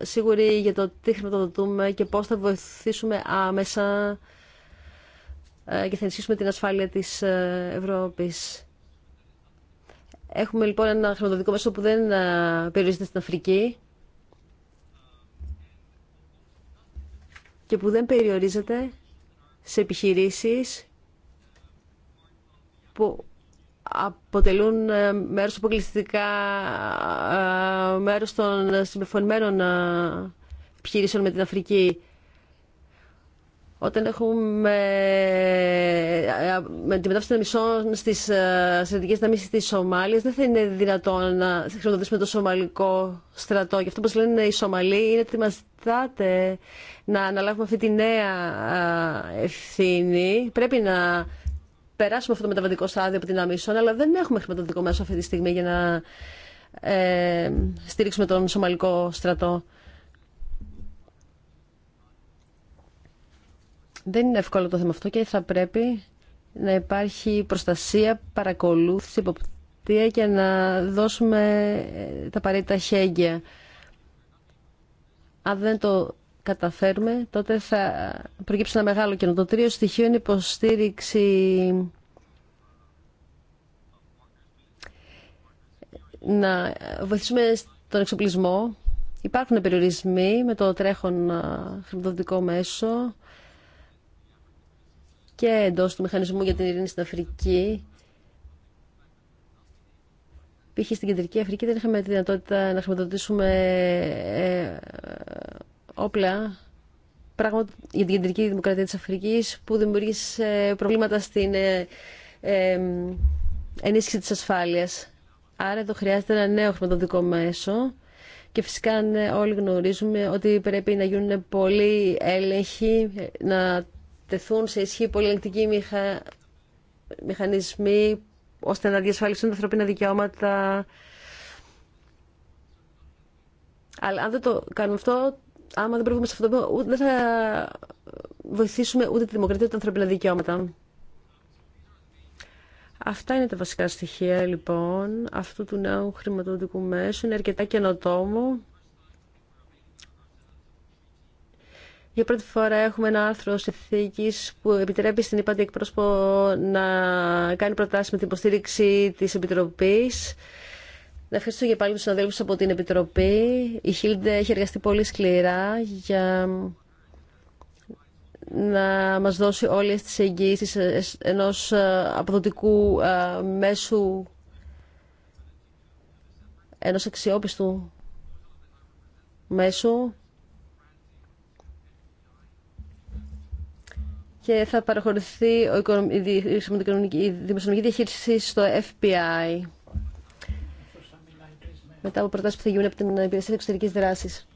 σίγουροι για το τι χρηματοδοτούμε και πώς θα βοηθήσουμε άμεσα ε, και θα ενισχύσουμε την ασφάλεια της ε, Ευρώπης. Έχουμε λοιπόν ένα χρηματοδοτικό μέσο που δεν ε, περιορίζεται στην Αφρική και που δεν περιορίζεται σε επιχειρήσεις που αποτελούν ε, μέρος αποκλειστικά ε, μέρος των συμπεφωνημένων ε, επιχειρήσεων με την Αφρική. Όταν έχουμε ε, με τη μετάφραση των μισών στι ε, στρατηγικέ δυνάμει τη Σομάλια, δεν θα είναι δυνατόν να χρησιμοποιήσουμε το σομαλικό στρατό. Γι' αυτό, όπω λένε οι Σομαλοί, είναι ότι μα ζητάτε να αναλάβουμε αυτή τη νέα ευθύνη. Πρέπει να περάσουμε αυτό το μεταβατικό στάδιο από την Αμίσον, αλλά δεν έχουμε χρηματοδοτικό μέσο αυτή τη στιγμή για να ε, στηρίξουμε τον Σομαλικό στρατό. Δεν είναι εύκολο το θέμα αυτό και θα πρέπει να υπάρχει προστασία, παρακολούθηση, υποπτία και να δώσουμε ε, τα απαραίτητα χέγγια. Αν δεν το καταφέρουμε, τότε θα προκύψει ένα μεγάλο κενό. Το τρίο στοιχείο είναι υποστήριξη να βοηθήσουμε τον εξοπλισμό. Υπάρχουν περιορισμοί με το τρέχον χρηματοδοτικό μέσο και εντός του Μηχανισμού για την Ειρήνη στην Αφρική. Π.χ. στην Κεντρική Αφρική δεν είχαμε τη δυνατότητα να χρηματοδοτήσουμε ε, όπλα πράγμα για την Κεντρική Δημοκρατία της Αφρικής που δημιούργησε προβλήματα στην ε, ενίσχυση της ασφάλειας. Άρα εδώ χρειάζεται ένα νέο χρηματοδοτικό μέσο. Και φυσικά όλοι γνωρίζουμε ότι πρέπει να γίνουν πολλοί έλεγχοι, να τεθούν σε ισχύ πολυελεκτικοί μηχανισμοί ώστε να διασφαλιστούν τα ανθρωπίνα δικαιώματα. Αλλά αν δεν το κάνουμε αυτό, άμα δεν προβούμε σε αυτό το ούτε δεν θα βοηθήσουμε ούτε τη δημοκρατία ούτε τα ανθρωπίνα δικαιώματα. Αυτά είναι τα βασικά στοιχεία λοιπόν αυτού του νέου χρηματοδοτικού μέσου. Είναι αρκετά καινοτόμο. Για πρώτη φορά έχουμε ένα άρθρο θήκη που επιτρέπει στην υπάντη εκπρόσωπο να κάνει προτάσει με την υποστήριξη τη Επιτροπή. Να ευχαριστήσω και πάλι του συναδέλφου από την Επιτροπή. Η Χίλντε έχει εργαστεί πολύ σκληρά για να μας δώσει όλες τις εγγύσεις ενός αποδοτικού μέσου, ενός αξιόπιστου μέσου και θα παραχωρηθεί η δημοσιονομική διαχείριση στο FBI μετά από προτάσεις που θα γίνουν από την Υπηρεσία Εξωτερικής Δράσης.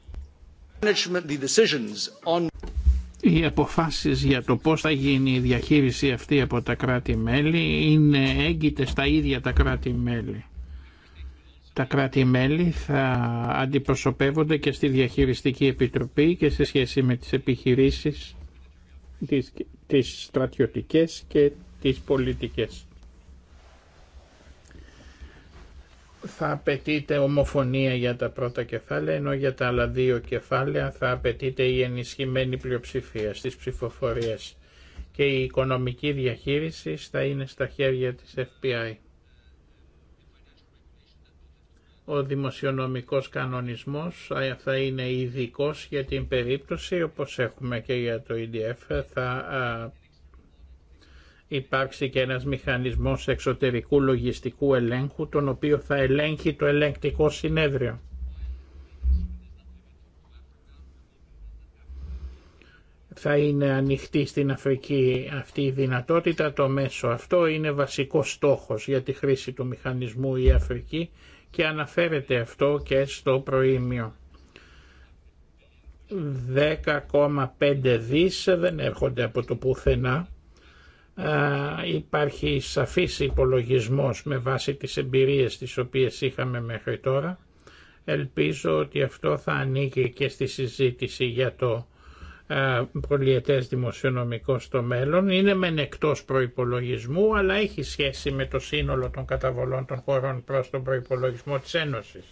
Οι αποφάσει για το πώ θα γίνει η διαχείριση αυτή από τα κράτη-μέλη είναι έγκυτες στα ίδια τα κράτη-μέλη. Τα κράτη-μέλη θα αντιπροσωπεύονται και στη Διαχειριστική Επιτροπή και σε σχέση με τις επιχειρήσεις τις στρατιωτικές και τις πολιτικές. θα απαιτείται ομοφωνία για τα πρώτα κεφάλαια, ενώ για τα άλλα δύο κεφάλαια θα απαιτείται η ενισχυμένη πλειοψηφία στις ψηφοφορίες και η οικονομική διαχείριση θα είναι στα χέρια της FBI. Ο δημοσιονομικός κανονισμός θα είναι ειδικό για την περίπτωση, όπως έχουμε και για το EDF, θα υπάρξει και ένας μηχανισμός εξωτερικού λογιστικού ελέγχου, τον οποίο θα ελέγχει το ελεγκτικό συνέδριο. θα είναι ανοιχτή στην Αφρική αυτή η δυνατότητα, το μέσο αυτό είναι βασικό στόχος για τη χρήση του μηχανισμού η Αφρική και αναφέρεται αυτό και στο προήμιο. 10,5 δις δεν έρχονται από το πουθενά. Υπάρχει σαφής υπολογισμός με βάση τις εμπειρίες τις οποίες είχαμε μέχρι τώρα. Ελπίζω ότι αυτό θα ανήκει και στη συζήτηση για το ε, πολιετές δημοσιονομικό στο μέλλον. Είναι μεν εκτός προϋπολογισμού, αλλά έχει σχέση με το σύνολο των καταβολών των χωρών προς τον προϋπολογισμό της Ένωσης.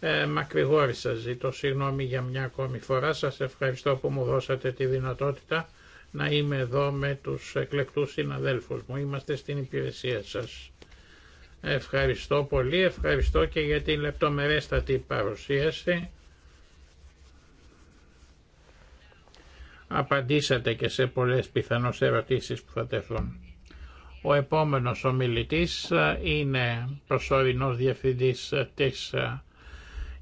Ε, μακρηγόρησα, ζητώ συγγνώμη για μια ακόμη φορά. Σας ευχαριστώ που μου δώσατε τη δυνατότητα να είμαι εδώ με τους εκλεκτούς συναδέλφους μου. Είμαστε στην υπηρεσία σας. Ευχαριστώ πολύ, ευχαριστώ και για την λεπτομερέστατη παρουσίαση Απαντήσατε και σε πολλές πιθανώς ερωτήσεις που θα τεθούν. Ο επόμενος ομιλητής ε, είναι προσωρινός διευθυντής ε, της ε,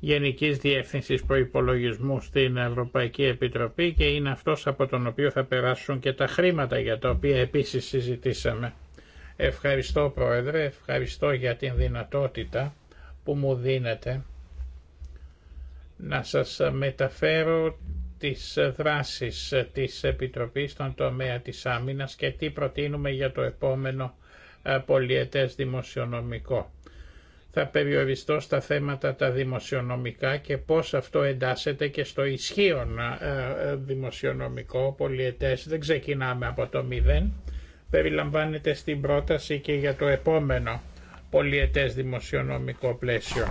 Γενικής Διεύθυνσης Προϋπολογισμού στην Ευρωπαϊκή Επιτροπή και είναι αυτός από τον οποίο θα περάσουν και τα χρήματα για τα οποία επίσης συζητήσαμε. Ευχαριστώ Πρόεδρε, ευχαριστώ για την δυνατότητα που μου δίνετε να σας μεταφέρω τις δράσεις της Επιτροπής στον τομέα της άμυνας και τι προτείνουμε για το επόμενο ε, πολιετές δημοσιονομικό. Θα περιοριστώ στα θέματα τα δημοσιονομικά και πώς αυτό εντάσσεται και στο ισχύον ε, ε, δημοσιονομικό πολιετές. Δεν ξεκινάμε από το μηδέν. Περιλαμβάνεται στην πρόταση και για το επόμενο πολιετές δημοσιονομικό πλαίσιο.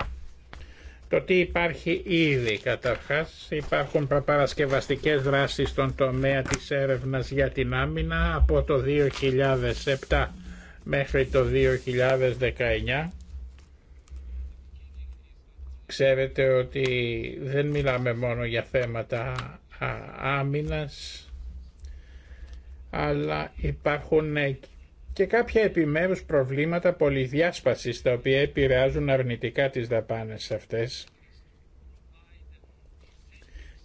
Το τι υπάρχει ήδη καταρχάς, υπάρχουν παρασκευαστικές δράσεις στον τομέα της έρευνας για την άμυνα από το 2007 μέχρι το 2019. Ξέρετε ότι δεν μιλάμε μόνο για θέματα άμυνας, αλλά υπάρχουν και κάποια επιμέρους προβλήματα πολυδιάσπασης τα οποία επηρεάζουν αρνητικά τις δαπάνες αυτές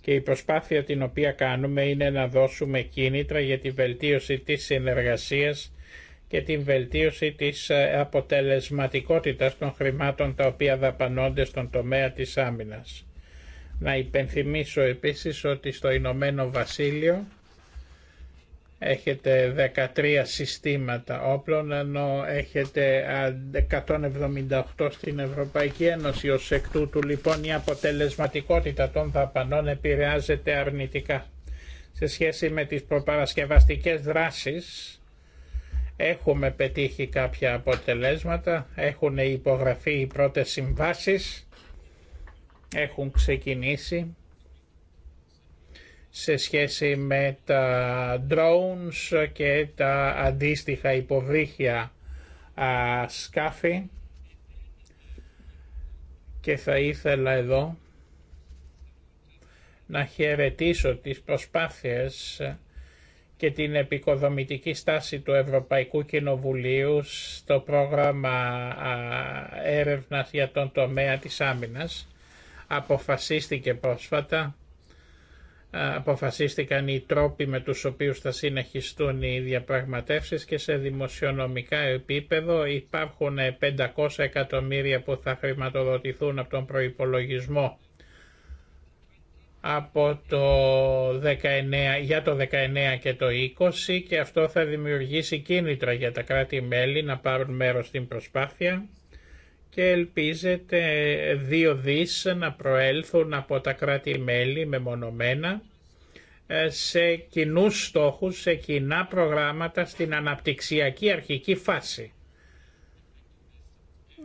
και η προσπάθεια την οποία κάνουμε είναι να δώσουμε κίνητρα για τη βελτίωση της συνεργασίας και την βελτίωση της ε, αποτελεσματικότητας των χρημάτων τα οποία δαπανώνται στον τομέα της άμυνας. Να υπενθυμίσω επίσης ότι στο Ηνωμένο Βασίλειο έχετε 13 συστήματα όπλων ενώ έχετε 178 στην Ευρωπαϊκή Ένωση ως εκ τούτου λοιπόν η αποτελεσματικότητα των δαπανών επηρεάζεται αρνητικά σε σχέση με τις προπαρασκευαστικές δράσεις έχουμε πετύχει κάποια αποτελέσματα έχουν υπογραφεί οι πρώτες συμβάσεις έχουν ξεκινήσει σε σχέση με τα drones και τα αντίστοιχα υποβρύχια σκάφη και θα ήθελα εδώ να χαιρετήσω τις προσπάθειες και την επικοδομητική στάση του Ευρωπαϊκού Κοινοβουλίου στο πρόγραμμα έρευνας για τον τομέα της άμυνας. Αποφασίστηκε πρόσφατα αποφασίστηκαν οι τρόποι με τους οποίους θα συνεχιστούν οι διαπραγματεύσεις και σε δημοσιονομικά επίπεδο υπάρχουν 500 εκατομμύρια που θα χρηματοδοτηθούν από τον προϋπολογισμό από το 19, για το 19 και το 20 και αυτό θα δημιουργήσει κίνητρα για τα κράτη-μέλη να πάρουν μέρος στην προσπάθεια και ελπίζεται δύο δις να προέλθουν από τα κράτη-μέλη μεμονωμένα ε, σε κοινούς στόχους, σε κοινά προγράμματα στην αναπτυξιακή αρχική φάση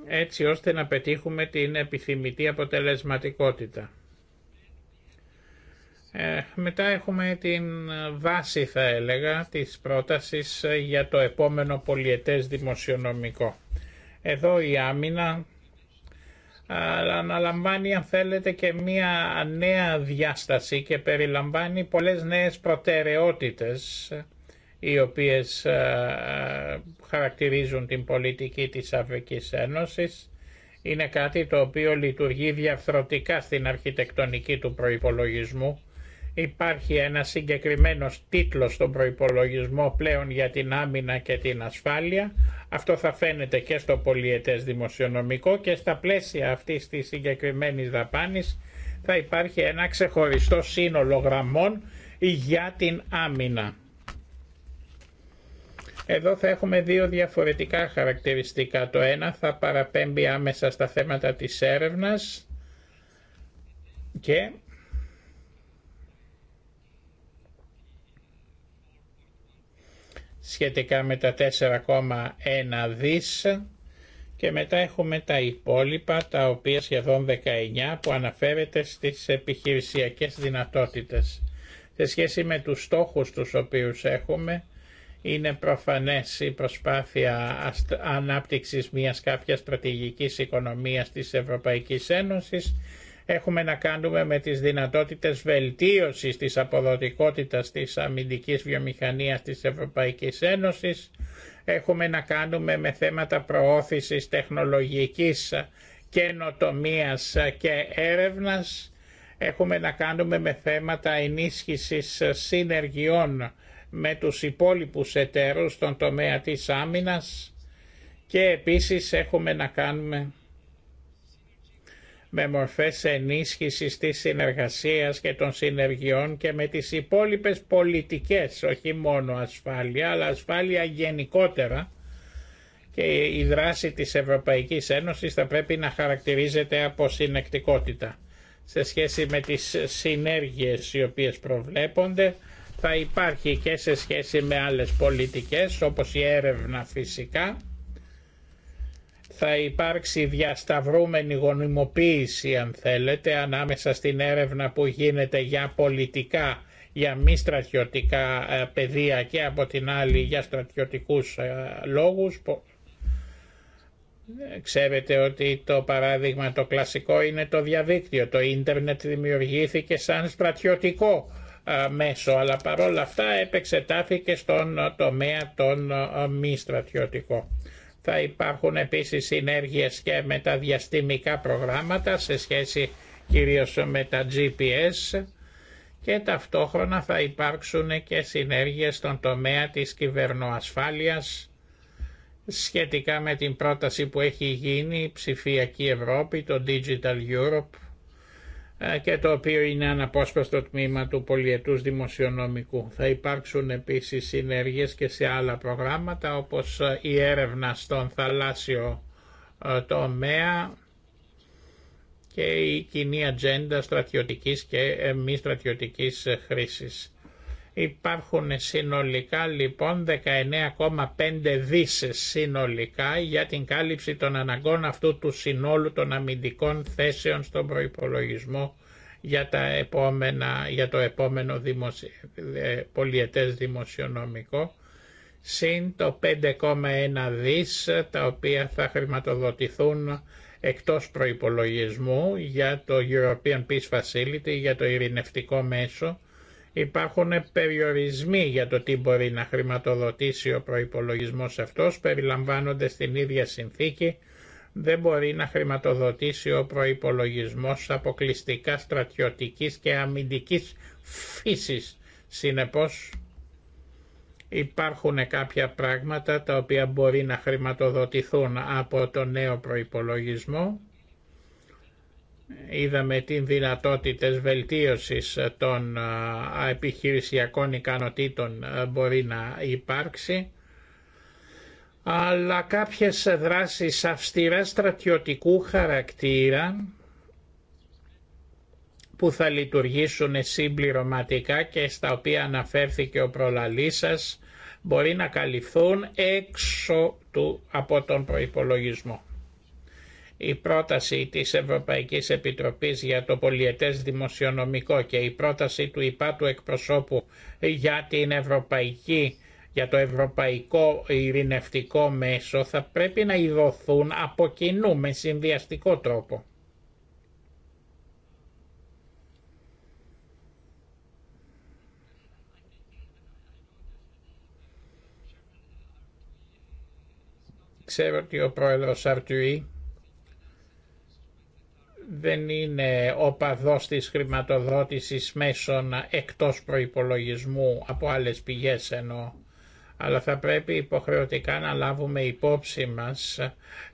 έτσι ώστε να πετύχουμε την επιθυμητή αποτελεσματικότητα. Ε, μετά έχουμε την βάση θα έλεγα της πρότασης για το επόμενο πολιετές δημοσιονομικό. Εδώ η άμυνα αναλαμβάνει αν θέλετε και μία νέα διάσταση και περιλαμβάνει πολλές νέες προτεραιότητες οι οποίες ε, χαρακτηρίζουν την πολιτική της Αφρικής Ένωσης. Είναι κάτι το οποίο λειτουργεί διαφθρωτικά στην αρχιτεκτονική του προϋπολογισμού Υπάρχει ένα συγκεκριμένος τίτλο στον προϋπολογισμό πλέον για την άμυνα και την ασφάλεια. Αυτό θα φαίνεται και στο πολιετές δημοσιονομικό και στα πλαίσια αυτή της συγκεκριμένης δαπάνης θα υπάρχει ένα ξεχωριστό σύνολο γραμμών για την άμυνα. Εδώ θα έχουμε δύο διαφορετικά χαρακτηριστικά. Το ένα θα παραπέμπει άμεσα στα θέματα της έρευνας και σχετικά με τα 4,1 δις και μετά έχουμε τα υπόλοιπα τα οποία σχεδόν 19 που αναφέρεται στις επιχειρησιακές δυνατότητες. Σε σχέση με τους στόχους τους οποίους έχουμε είναι προφανές η προσπάθεια ανάπτυξης μιας κάποιας στρατηγικής οικονομίας της Ευρωπαϊκής Ένωσης Έχουμε να κάνουμε με τις δυνατότητες βελτίωσης της αποδοτικότητας της αμυντικής βιομηχανίας της Ευρωπαϊκής Ένωσης. Έχουμε να κάνουμε με θέματα προώθησης τεχνολογικής καινοτομίας και έρευνας. Έχουμε να κάνουμε με θέματα ενίσχυσης συνεργειών με τους υπόλοιπους εταίρους στον τομέα της άμυνας και επίσης έχουμε να κάνουμε με μορφές ενίσχυσης της συνεργασίας και των συνεργειών και με τις υπόλοιπες πολιτικές, όχι μόνο ασφάλεια, αλλά ασφάλεια γενικότερα και η δράση της Ευρωπαϊκής Ένωσης θα πρέπει να χαρακτηρίζεται από συνεκτικότητα. Σε σχέση με τις συνέργειες οι οποίες προβλέπονται θα υπάρχει και σε σχέση με άλλες πολιτικές όπως η έρευνα φυσικά θα υπάρξει διασταυρούμενη γονιμοποίηση αν θέλετε ανάμεσα στην έρευνα που γίνεται για πολιτικά, για μη στρατιωτικά ε, πεδία και από την άλλη για στρατιωτικούς ε, λόγους. Ξέρετε ότι το παράδειγμα το κλασικό είναι το διαδίκτυο. Το ίντερνετ δημιουργήθηκε σαν στρατιωτικό ε, μέσο, αλλά παρόλα αυτά επεξετάθηκε στον τομέα των μη στρατιωτικών. Θα υπάρχουν επίσης συνέργειες και με τα διαστημικά προγράμματα σε σχέση κυρίως με τα GPS και ταυτόχρονα θα υπάρξουν και συνέργειες στον τομέα της κυβερνοασφάλειας σχετικά με την πρόταση που έχει γίνει η ψηφιακή Ευρώπη, το Digital Europe ε, και το οποίο είναι αναπόσπαστο τμήμα του πολιετούς δημοσιονομικού. Θα υπάρξουν επίσης συνέργειες και σε άλλα προγράμματα όπως ε, η έρευνα στον θαλάσσιο ε, τομέα και η κοινή ατζέντα στρατιωτικής και μη στρατιωτικής χρήσης. Υπάρχουν συνολικά λοιπόν 19,5 δίσες συνολικά για την κάλυψη των αναγκών αυτού του συνόλου των αμυντικών θέσεων στον προϋπολογισμό για, τα επόμενα, για το επόμενο δημοσι... Ε, πολιετές δημοσιονομικό συν το 5,1 δις τα οποία θα χρηματοδοτηθούν εκτός προϋπολογισμού για το European Peace Facility, για το ειρηνευτικό μέσο Υπάρχουν περιορισμοί για το τι μπορεί να χρηματοδοτήσει ο προϋπολογισμός αυτός, περιλαμβάνονται στην ίδια συνθήκη, δεν μπορεί να χρηματοδοτήσει ο προϋπολογισμός αποκλειστικά στρατιωτικής και αμυντικής φύσης. Συνεπώς υπάρχουν κάποια πράγματα τα οποία μπορεί να χρηματοδοτηθούν από το νέο προϋπολογισμό είδαμε την δυνατότητες βελτίωσης των επιχειρησιακών ικανοτήτων μπορεί να υπάρξει αλλά κάποιες δράσεις αυστηρά στρατιωτικού χαρακτήρα που θα λειτουργήσουν συμπληρωματικά και στα οποία αναφέρθηκε ο προλαλής σας, μπορεί να καλυφθούν έξω του από τον προϋπολογισμό η πρόταση της Ευρωπαϊκής Επιτροπής για το πολιετές δημοσιονομικό και η πρόταση του υπάτου εκπροσώπου για την Ευρωπαϊκή για το Ευρωπαϊκό Ειρηνευτικό Μέσο θα πρέπει να ειδωθούν από κοινού με συνδυαστικό τρόπο. Ξέρω ότι ο πρόεδρος Αρτουή δεν είναι οπαδός της χρηματοδότησης μέσων εκτός προϋπολογισμού από άλλες πηγές ενώ. αλλά θα πρέπει υποχρεωτικά να λάβουμε υπόψη μας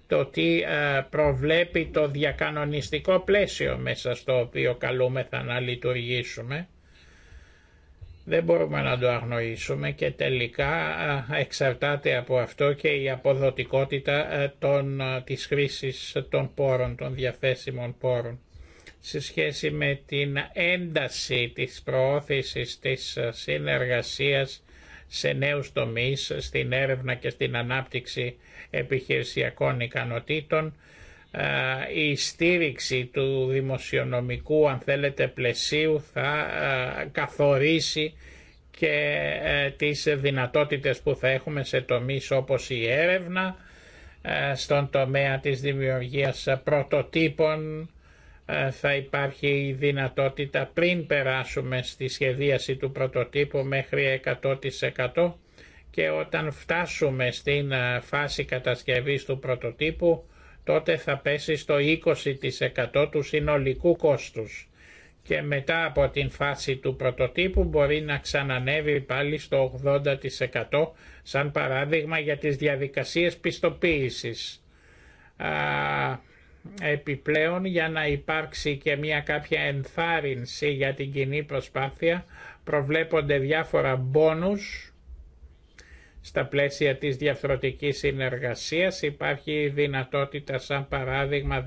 το τι ε, προβλέπει το διακανονιστικό πλαίσιο μέσα στο οποίο καλούμεθα να λειτουργήσουμε δεν μπορούμε να το αγνοήσουμε και τελικά εξαρτάται από αυτό και η αποδοτικότητα των, της χρήσης των πόρων, των διαθέσιμων πόρων. Σε σχέση με την ένταση της προώθησης της συνεργασίας σε νέους τομείς, στην έρευνα και στην ανάπτυξη επιχειρησιακών ικανοτήτων, ε, η στήριξη του δημοσιονομικού αν θέλετε πλαισίου θα ε, καθορίσει και ε, τις δυνατότητες που θα έχουμε σε τομείς όπως η έρευνα, στον τομέα της δημιουργίας πρωτοτύπων θα υπάρχει η δυνατότητα πριν περάσουμε στη σχεδίαση του πρωτοτύπου μέχρι 100% και όταν φτάσουμε στην φάση κατασκευής του πρωτοτύπου τότε θα πέσει στο 20% του συνολικού κόστους και μετά από την φάση του πρωτοτύπου μπορεί να ξανανεύει πάλι στο 80% σαν παράδειγμα για τις διαδικασίες πιστοποίησης. Α, επιπλέον για να υπάρξει και μια κάποια ενθάρρυνση για την κοινή προσπάθεια προβλέπονται διάφορα μπόνους στα πλαίσια της διαφθρωτικής συνεργασίας υπάρχει η δυνατότητα σαν παράδειγμα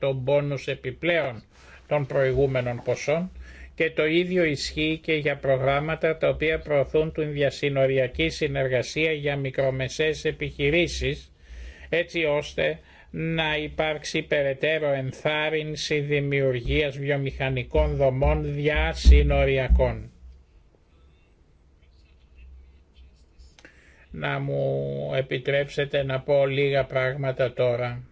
10% μπόνους επιπλέον των προηγούμενων ποσών και το ίδιο ισχύει και για προγράμματα τα οποία προωθούν την διασυνοριακή συνεργασία για μικρομεσαίες επιχειρήσεις έτσι ώστε να υπάρξει περαιτέρω ενθάρρυνση δημιουργίας βιομηχανικών δομών διασυνοριακών. να μου επιτρέψετε να πω λίγα πράγματα τώρα.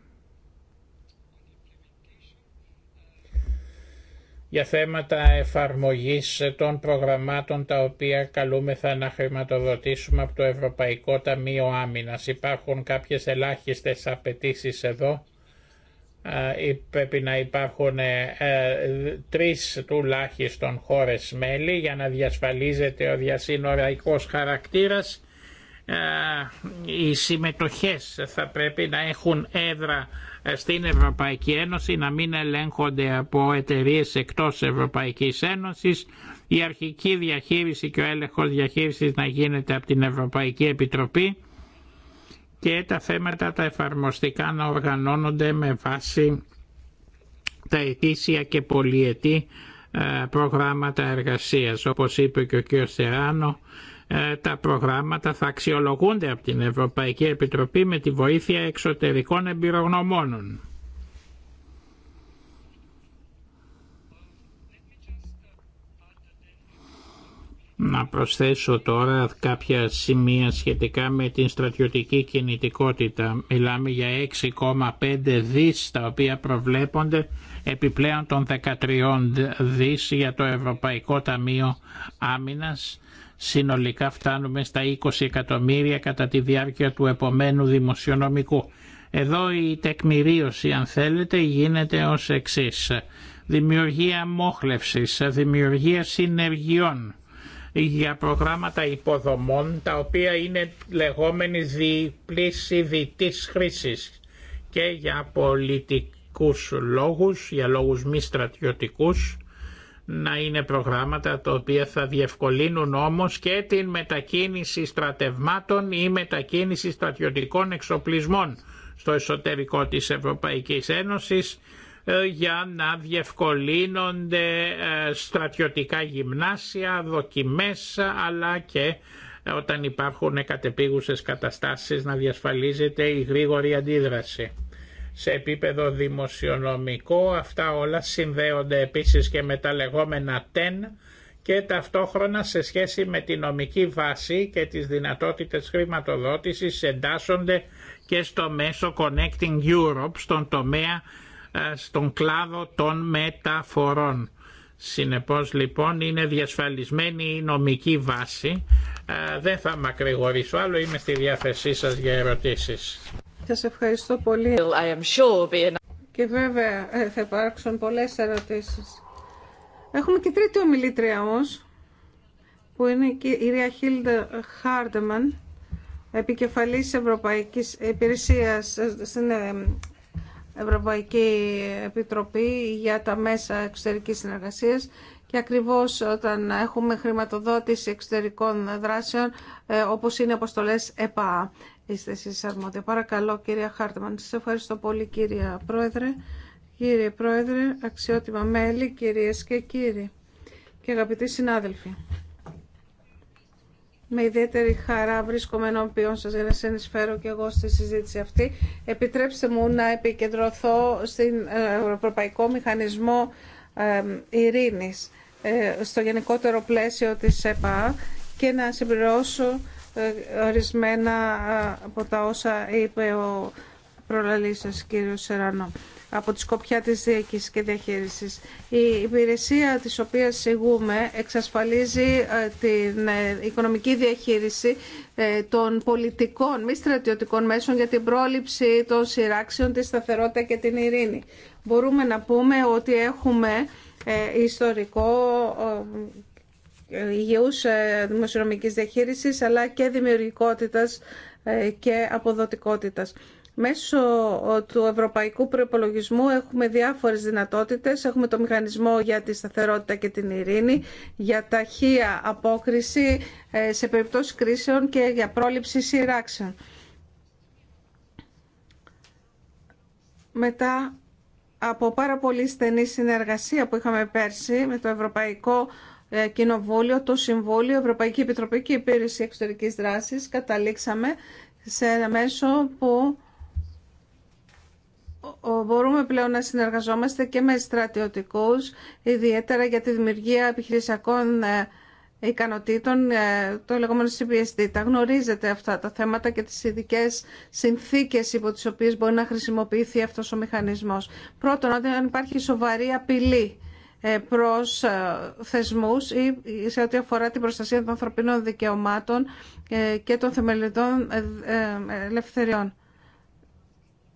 για θέματα εφαρμογής των προγραμμάτων τα οποία καλούμεθα να χρηματοδοτήσουμε από το Ευρωπαϊκό Ταμείο Άμυνας. Υπάρχουν κάποιες ελάχιστες απαιτήσει εδώ. Πρέπει να υπάρχουν ε, τρεις τουλάχιστον χώρες μέλη για να διασφαλίζεται ο διασύνοραϊκός χαρακτήρας ε, οι συμμετοχές θα πρέπει να έχουν έδρα ε, στην Ευρωπαϊκή Ένωση, να μην ελέγχονται από εταιρείε εκτός Ευρωπαϊκής Ένωσης, η αρχική διαχείριση και ο έλεγχος διαχείρισης να γίνεται από την Ευρωπαϊκή Επιτροπή και τα θέματα τα εφαρμοστικά να οργανώνονται με βάση τα ετήσια και πολυετή ε, προγράμματα εργασίας. Όπως είπε και ο κ. Σεράνο, ε, τα προγράμματα θα αξιολογούνται από την Ευρωπαϊκή Επιτροπή με τη βοήθεια εξωτερικών εμπειρογνωμόνων. Να προσθέσω τώρα κάποια σημεία σχετικά με την στρατιωτική κινητικότητα. Μιλάμε για 6,5 δις τα οποία προβλέπονται επιπλέον των 13 δις για το Ευρωπαϊκό Ταμείο Άμυνας Συνολικά φτάνουμε στα 20 εκατομμύρια κατά τη διάρκεια του επομένου δημοσιονομικού. Εδώ η τεκμηρίωση αν θέλετε γίνεται ως εξής. Δημιουργία μόχλευσης, δημιουργία συνεργειών για προγράμματα υποδομών τα οποία είναι λεγόμενη διπλής ειδητής χρήσης και για πολιτικούς λόγους, για λόγους μη στρατιωτικούς να είναι προγράμματα τα οποία θα διευκολύνουν όμως και την μετακίνηση στρατευμάτων ή μετακίνηση στρατιωτικών εξοπλισμών στο εσωτερικό της Ευρωπαϊκής Ένωσης ε, για να διευκολύνονται ε, στρατιωτικά γυμνάσια, δοκιμές αλλά και ε, όταν υπάρχουν κατεπίγουσες καταστάσεις να διασφαλίζεται η γρήγορη αντίδραση σε επίπεδο δημοσιονομικό. Αυτά όλα συνδέονται επίσης και με τα λεγόμενα TEN και ταυτόχρονα σε σχέση με τη νομική βάση και τις δυνατότητες χρηματοδότησης εντάσσονται και στο μέσο Connecting Europe, στον τομέα, ε, στον κλάδο των μεταφορών. Συνεπώς λοιπόν είναι διασφαλισμένη η νομική βάση. Ε, δεν θα μακρηγορήσω άλλο, είμαι στη διάθεσή σας για ερωτήσεις σε ευχαριστώ πολύ. Και βέβαια ε, θα υπάρξουν πολλές ερωτήσεις. Έχουμε και τρίτη ομιλήτρια όμως, που είναι η κυρία Χίλντα Χάρντεμαν, επικεφαλής Ευρωπαϊκής Υπηρεσίας ε, στην ε, Ευρωπαϊκή Επιτροπή για τα Μέσα Εξωτερικής Συνεργασίας και ακριβώς όταν έχουμε χρηματοδότηση εξωτερικών δράσεων όπως είναι αποστολές ΕΠΑ είστε εσείς αρμόδια. Παρακαλώ κυρία Χάρτμαν. Σας ευχαριστώ πολύ κυρία Πρόεδρε. Κύριε Πρόεδρε, αξιότιμα μέλη, κυρίες και κύριοι και αγαπητοί συνάδελφοι. Με ιδιαίτερη χαρά βρίσκομαι ενώπιον σας για να ενισφέρω και εγώ στη συζήτηση αυτή. Επιτρέψτε μου να επικεντρωθώ στην ε, Ευρωπαϊκό Μηχανισμό Ειρήνης ε, στο γενικότερο πλαίσιο της ΕΠΑ και να συμπληρώσω ε, ορισμένα ε, από τα όσα είπε ο προλαλής σας κύριο Σερανό από τη σκοπιά της διοίκησης και διαχείρισης. Η υπηρεσία της οποίας συγούμε εξασφαλίζει ε, την οικονομική διαχείριση των πολιτικών, μη στρατιωτικών μέσων για την πρόληψη των σειράξεων, τη σταθερότητα και την ειρήνη. Μπορούμε να πούμε ότι έχουμε ιστορικό υγιούς ε, δημοσιονομικής διαχείρισης αλλά και δημιουργικότητας ε, και αποδοτικότητας. Μέσω ε, του ευρωπαϊκού προπολογισμού έχουμε διάφορες δυνατότητες. Έχουμε το μηχανισμό για τη σταθερότητα και την ειρήνη, για ταχεία απόκριση σε περιπτώσεις κρίσεων και για πρόληψη σειράξεων. Μετά από πάρα πολύ στενή συνεργασία που είχαμε πέρσι με το Ευρωπαϊκό ε, κοινοβούλιο, το Συμβούλιο, Ευρωπαϊκή Επιτροπή και η Υπηρεσία Εξωτερικής Δράσης καταλήξαμε σε ένα μέσο που μπορούμε πλέον να συνεργαζόμαστε και με στρατιωτικούς, ιδιαίτερα για τη δημιουργία επιχειρησιακών ε, ικανοτήτων, ε, το λεγόμενο CPSD. Τα γνωρίζετε αυτά τα θέματα και τις ειδικέ συνθήκες υπό τις οποίες μπορεί να χρησιμοποιηθεί αυτός ο μηχανισμός. Πρώτον, αν υπάρχει σοβαρή απειλή ε, προς ε, θεσμούς ή σε ό,τι αφορά την προστασία των ανθρωπίνων δικαιωμάτων ε, και των θεμελιωδών ελευθεριών.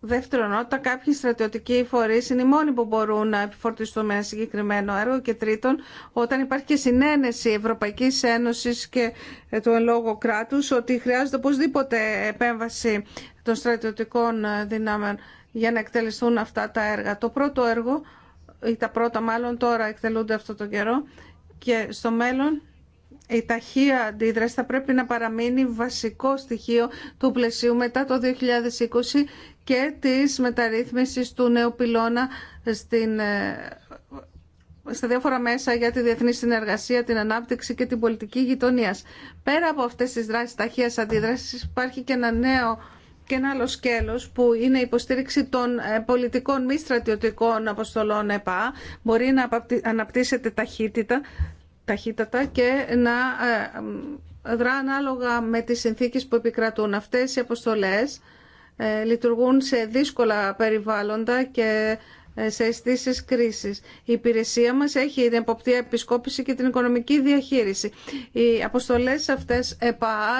Δεύτερον, όταν κάποιοι στρατιωτικοί φορεί είναι οι μόνοι που μπορούν να επιφορτιστούν με ένα συγκεκριμένο έργο. Και τρίτον, όταν υπάρχει και συνένεση Ευρωπαϊκή Ένωση και του εν λόγω κράτου ότι χρειάζεται οπωσδήποτε επέμβαση των στρατιωτικών δυνάμεων για να εκτελεστούν αυτά τα έργα. Το πρώτο έργο ή τα πρώτα μάλλον τώρα εκτελούνται αυτό το καιρό και στο μέλλον η ταχεία αντίδραση θα πρέπει να παραμείνει βασικό στοιχείο του πλαισίου μετά το 2020 και της μεταρρύθμισης του νέου πυλώνα στην, ε, στα διάφορα μέσα για τη διεθνή συνεργασία, την ανάπτυξη και την πολιτική γειτονίας. Πέρα από αυτές τις δράσεις ταχείας αντίδρασης υπάρχει και ένα νέο και ένα άλλο σκέλο που είναι η υποστήριξη των ε, πολιτικών μη στρατιωτικών αποστολών ΕΠΑ μπορεί να αναπτύσσεται ταχύτητα, ταχύτατα και να ε, δρά ανάλογα με τις συνθήκες που επικρατούν. Αυτές οι αποστολές ε, λειτουργούν σε δύσκολα περιβάλλοντα και ε, σε αισθήσει κρίσης. Η υπηρεσία μας έχει την εποπτεία επισκόπηση και την οικονομική διαχείριση. Οι αποστολές αυτές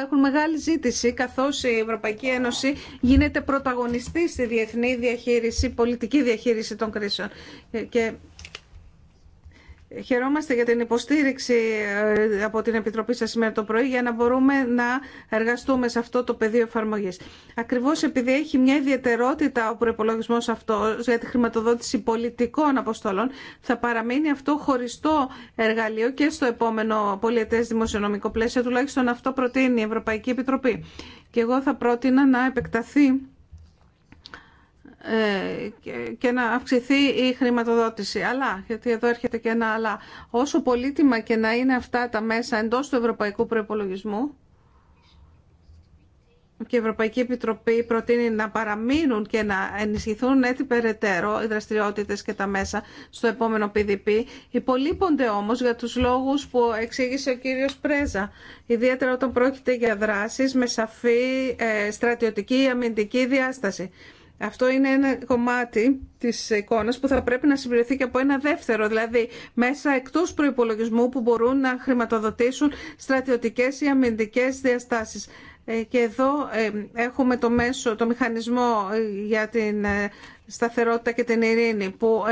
έχουν μεγάλη ζήτηση καθώς η Ευρωπαϊκή Ένωση γίνεται πρωταγωνιστή στη διεθνή διαχείριση, πολιτική διαχείριση των κρίσεων. Ε, και Χαιρόμαστε για την υποστήριξη ε, από την Επιτροπή σας σήμερα το πρωί για να μπορούμε να εργαστούμε σε αυτό το πεδίο εφαρμογής. Ακριβώς επειδή έχει μια ιδιαιτερότητα ο προπολογισμό αυτό για τη χρηματοδότηση πολιτικών αποστολών, θα παραμείνει αυτό χωριστό εργαλείο και στο επόμενο πολιετές δημοσιονομικό πλαίσιο, τουλάχιστον αυτό προτείνει η Ευρωπαϊκή Επιτροπή. Και εγώ θα πρότεινα να επεκταθεί ε, και να αυξηθεί η χρηματοδότηση. Αλλά, γιατί εδώ έρχεται και ένα αλλά, όσο πολύτιμα και να είναι αυτά τα μέσα εντός του Ευρωπαϊκού Προϋπολογισμού, και η Ευρωπαϊκή Επιτροπή προτείνει να παραμείνουν και να ενισχυθούν έτσι περαιτέρω οι δραστηριότητε και τα μέσα στο επόμενο PDP. Υπολείπονται όμω για του λόγου που εξήγησε ο κύριο Πρέζα. Ιδιαίτερα όταν πρόκειται για δράσει με σαφή ε, στρατιωτική ή αμυντική διάσταση. Αυτό είναι ένα κομμάτι της εικόνας που θα πρέπει να συμπληρωθεί και από ένα δεύτερο, δηλαδή μέσα εκτό προπολογισμού που μπορούν να χρηματοδοτήσουν στρατιωτικές ή αμυντικέ διαστάσεις. Ε, και εδώ ε, έχουμε το μέσο, το μηχανισμό ε, για την σταθερότητα και την ειρήνη που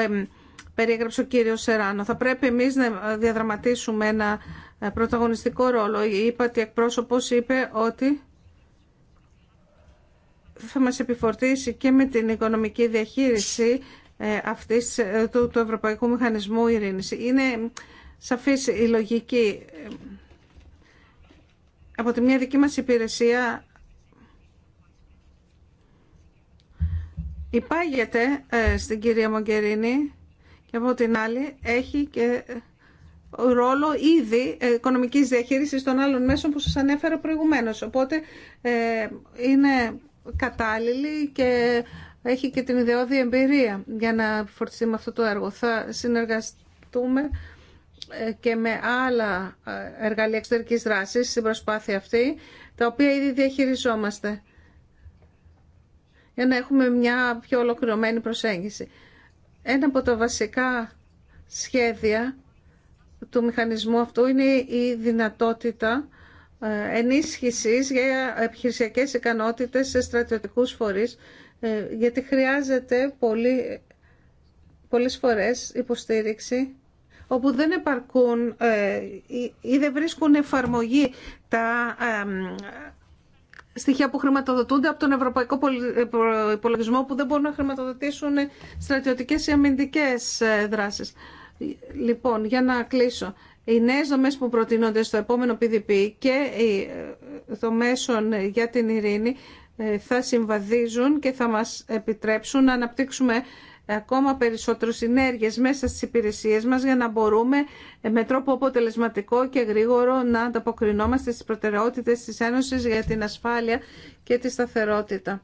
περιέγραψε ο κύριος Σεράνο. Θα πρέπει εμεί να διαδραματίσουμε ένα πρωταγωνιστικό ρόλο. Η ότι εκπρόσωπο είπε ότι θα μας επιφορτήσει και με την οικονομική διαχείριση ε, αυτής ε, του, του Ευρωπαϊκού Μηχανισμού Ειρήνης. Είναι σαφής η λογική. Από τη μια δική μας υπηρεσία υπάγεται ε, στην κυρία Μογκερίνη και από την άλλη έχει και ρόλο ήδη οικονομικής διαχείρισης των άλλων μέσων που σας ανέφερα προηγουμένως. Οπότε είναι κατάλληλη και έχει και την ιδεώδη εμπειρία για να φορτιστεί με αυτό το έργο. Θα συνεργαστούμε ε, και με άλλα ε, εργαλεία εξωτερικής δράσης στην προσπάθεια αυτή, τα οποία ήδη διαχειριζόμαστε για να έχουμε μια πιο ολοκληρωμένη προσέγγιση. Ένα από τα βασικά σχέδια του μηχανισμού αυτού είναι η δυνατότητα ενίσχυσης για επιχειρησιακές ικανότητες σε στρατιωτικούς φορείς, ε, γιατί χρειάζεται πολύ, πολλές φορές υποστήριξη όπου δεν επαρκούν ε, ή δεν βρίσκουν εφαρμογή τα στοιχεία που χρηματοδοτούνται από τον Ευρωπαϊκό ε, Υπολογισμό που δεν μπορούν να χρηματοδοτήσουν στρατιωτικές ή αμυντικές δράσεις. Λοιπόν, για να κλείσω οι νέες δομές που προτείνονται στο επόμενο PDP και οι ε, δομές για την ειρήνη ε, θα συμβαδίζουν και θα μας επιτρέψουν να αναπτύξουμε ακόμα περισσότερες συνέργειες μέσα στις υπηρεσίες μας για να μπορούμε ε, με τρόπο αποτελεσματικό και γρήγορο να ανταποκρινόμαστε στις προτεραιότητες της Ένωσης για την ασφάλεια και τη σταθερότητα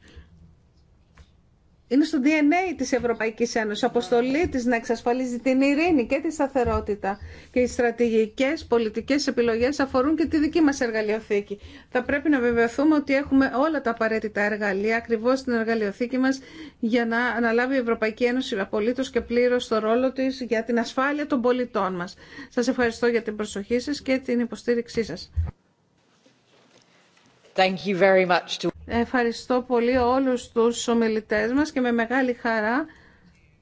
είναι στο DNA της Ευρωπαϊκής Ένωσης, αποστολή της να εξασφαλίζει την ειρήνη και τη σταθερότητα και οι στρατηγικές πολιτικές επιλογές αφορούν και τη δική μας εργαλειοθήκη. Θα πρέπει να βεβαιωθούμε ότι έχουμε όλα τα απαραίτητα εργαλεία ακριβώς την εργαλειοθήκη μας για να αναλάβει η Ευρωπαϊκή Ένωση απολύτω και πλήρως το ρόλο της για την ασφάλεια των πολιτών μας. Σας ευχαριστώ για την προσοχή σας και την υποστήριξή σας. Ευχαριστώ πολύ όλους τους ομιλητές μας και με μεγάλη χαρά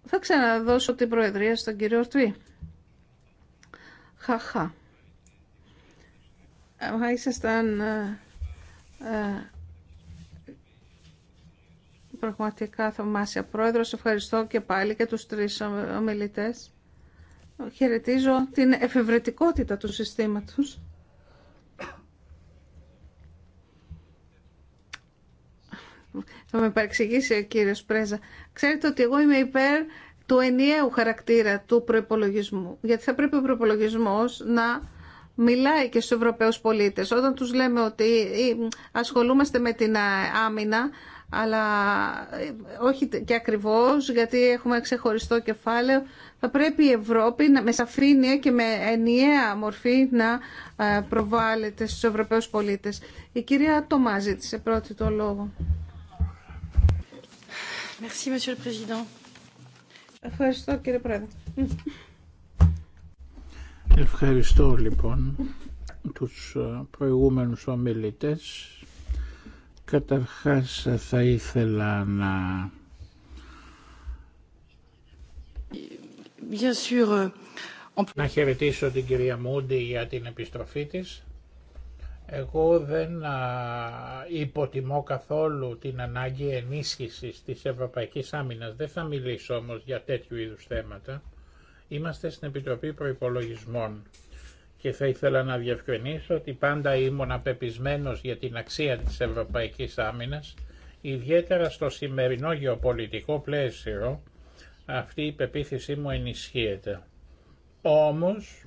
θα ξαναδώσω την Προεδρία στον κύριο Ορτουή. Χαχα. Ήσασταν ε, ε, πραγματικά θαυμάσια πρόεδρος. Ευχαριστώ και πάλι και τους τρεις ομιλητές. Χαιρετίζω την εφευρετικότητα του συστήματος. Θα με παρεξηγήσει ο κύριος Πρέζα. Ξέρετε ότι εγώ είμαι υπέρ του ενιαίου χαρακτήρα του προπολογισμού. Γιατί θα πρέπει ο προϋπολογισμός να μιλάει και στους Ευρωπαίους πολίτες. Όταν τους λέμε ότι ε, ε, ασχολούμαστε με την ε, άμυνα, αλλά όχι και ακριβώς, γιατί έχουμε ξεχωριστό κεφάλαιο, θα πρέπει η Ευρώπη με σαφήνεια και με ενιαία μορφή να προβάλλεται στους Ευρωπαίους πολίτες. Η κυρία Τομάζη, σε πρώτη το λόγο. Ευχαριστώ κύριε Πρόεδρε. Ευχαριστώ λοιπόν τους ε, προηγούμενους ομιλητές. Καταρχάς θα ήθελα να... Bien sûr. Euh, να χαιρετήσω την κυρία Μούντι για την επιστροφή της. Εγώ δεν υποτιμώ καθόλου την ανάγκη ενίσχυσης της Ευρωπαϊκής Άμυνας. Δεν θα μιλήσω όμως για τέτοιου είδους θέματα. Είμαστε στην Επιτροπή Προϋπολογισμών και θα ήθελα να διευκρινίσω ότι πάντα ήμουν απεπισμένος για την αξία της Ευρωπαϊκής Άμυνας, ιδιαίτερα στο σημερινό γεωπολιτικό πλαίσιο, αυτή η πεποίθησή μου ενισχύεται. Όμως,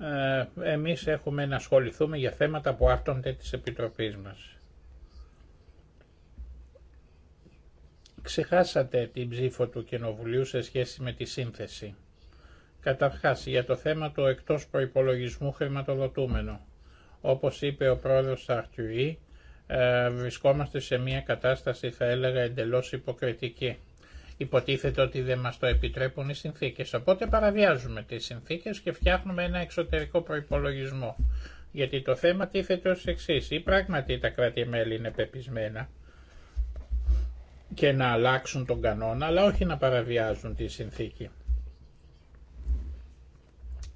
ε, εμείς έχουμε να ασχοληθούμε για θέματα που άρτονται της Επιτροπής μας. Ξεχάσατε την ψήφο του Κοινοβουλίου σε σχέση με τη σύνθεση. Καταρχάς, για το θέμα του εκτός προϋπολογισμού χρηματοδοτούμενο. Όπως είπε ο πρόεδρος Σαρτιουή, ε, βρισκόμαστε σε μια κατάσταση, θα έλεγα, εντελώς υποκριτική Υποτίθεται ότι δεν μας το επιτρέπουν οι συνθήκες, οπότε παραβιάζουμε τις συνθήκες και φτιάχνουμε ένα εξωτερικό προϋπολογισμό. Γιατί το θέμα τίθεται ως εξή ή πράγματι τα κράτη-μέλη είναι πεπισμένα και να αλλάξουν τον κανόνα, αλλά όχι να παραβιάζουν τη συνθήκη.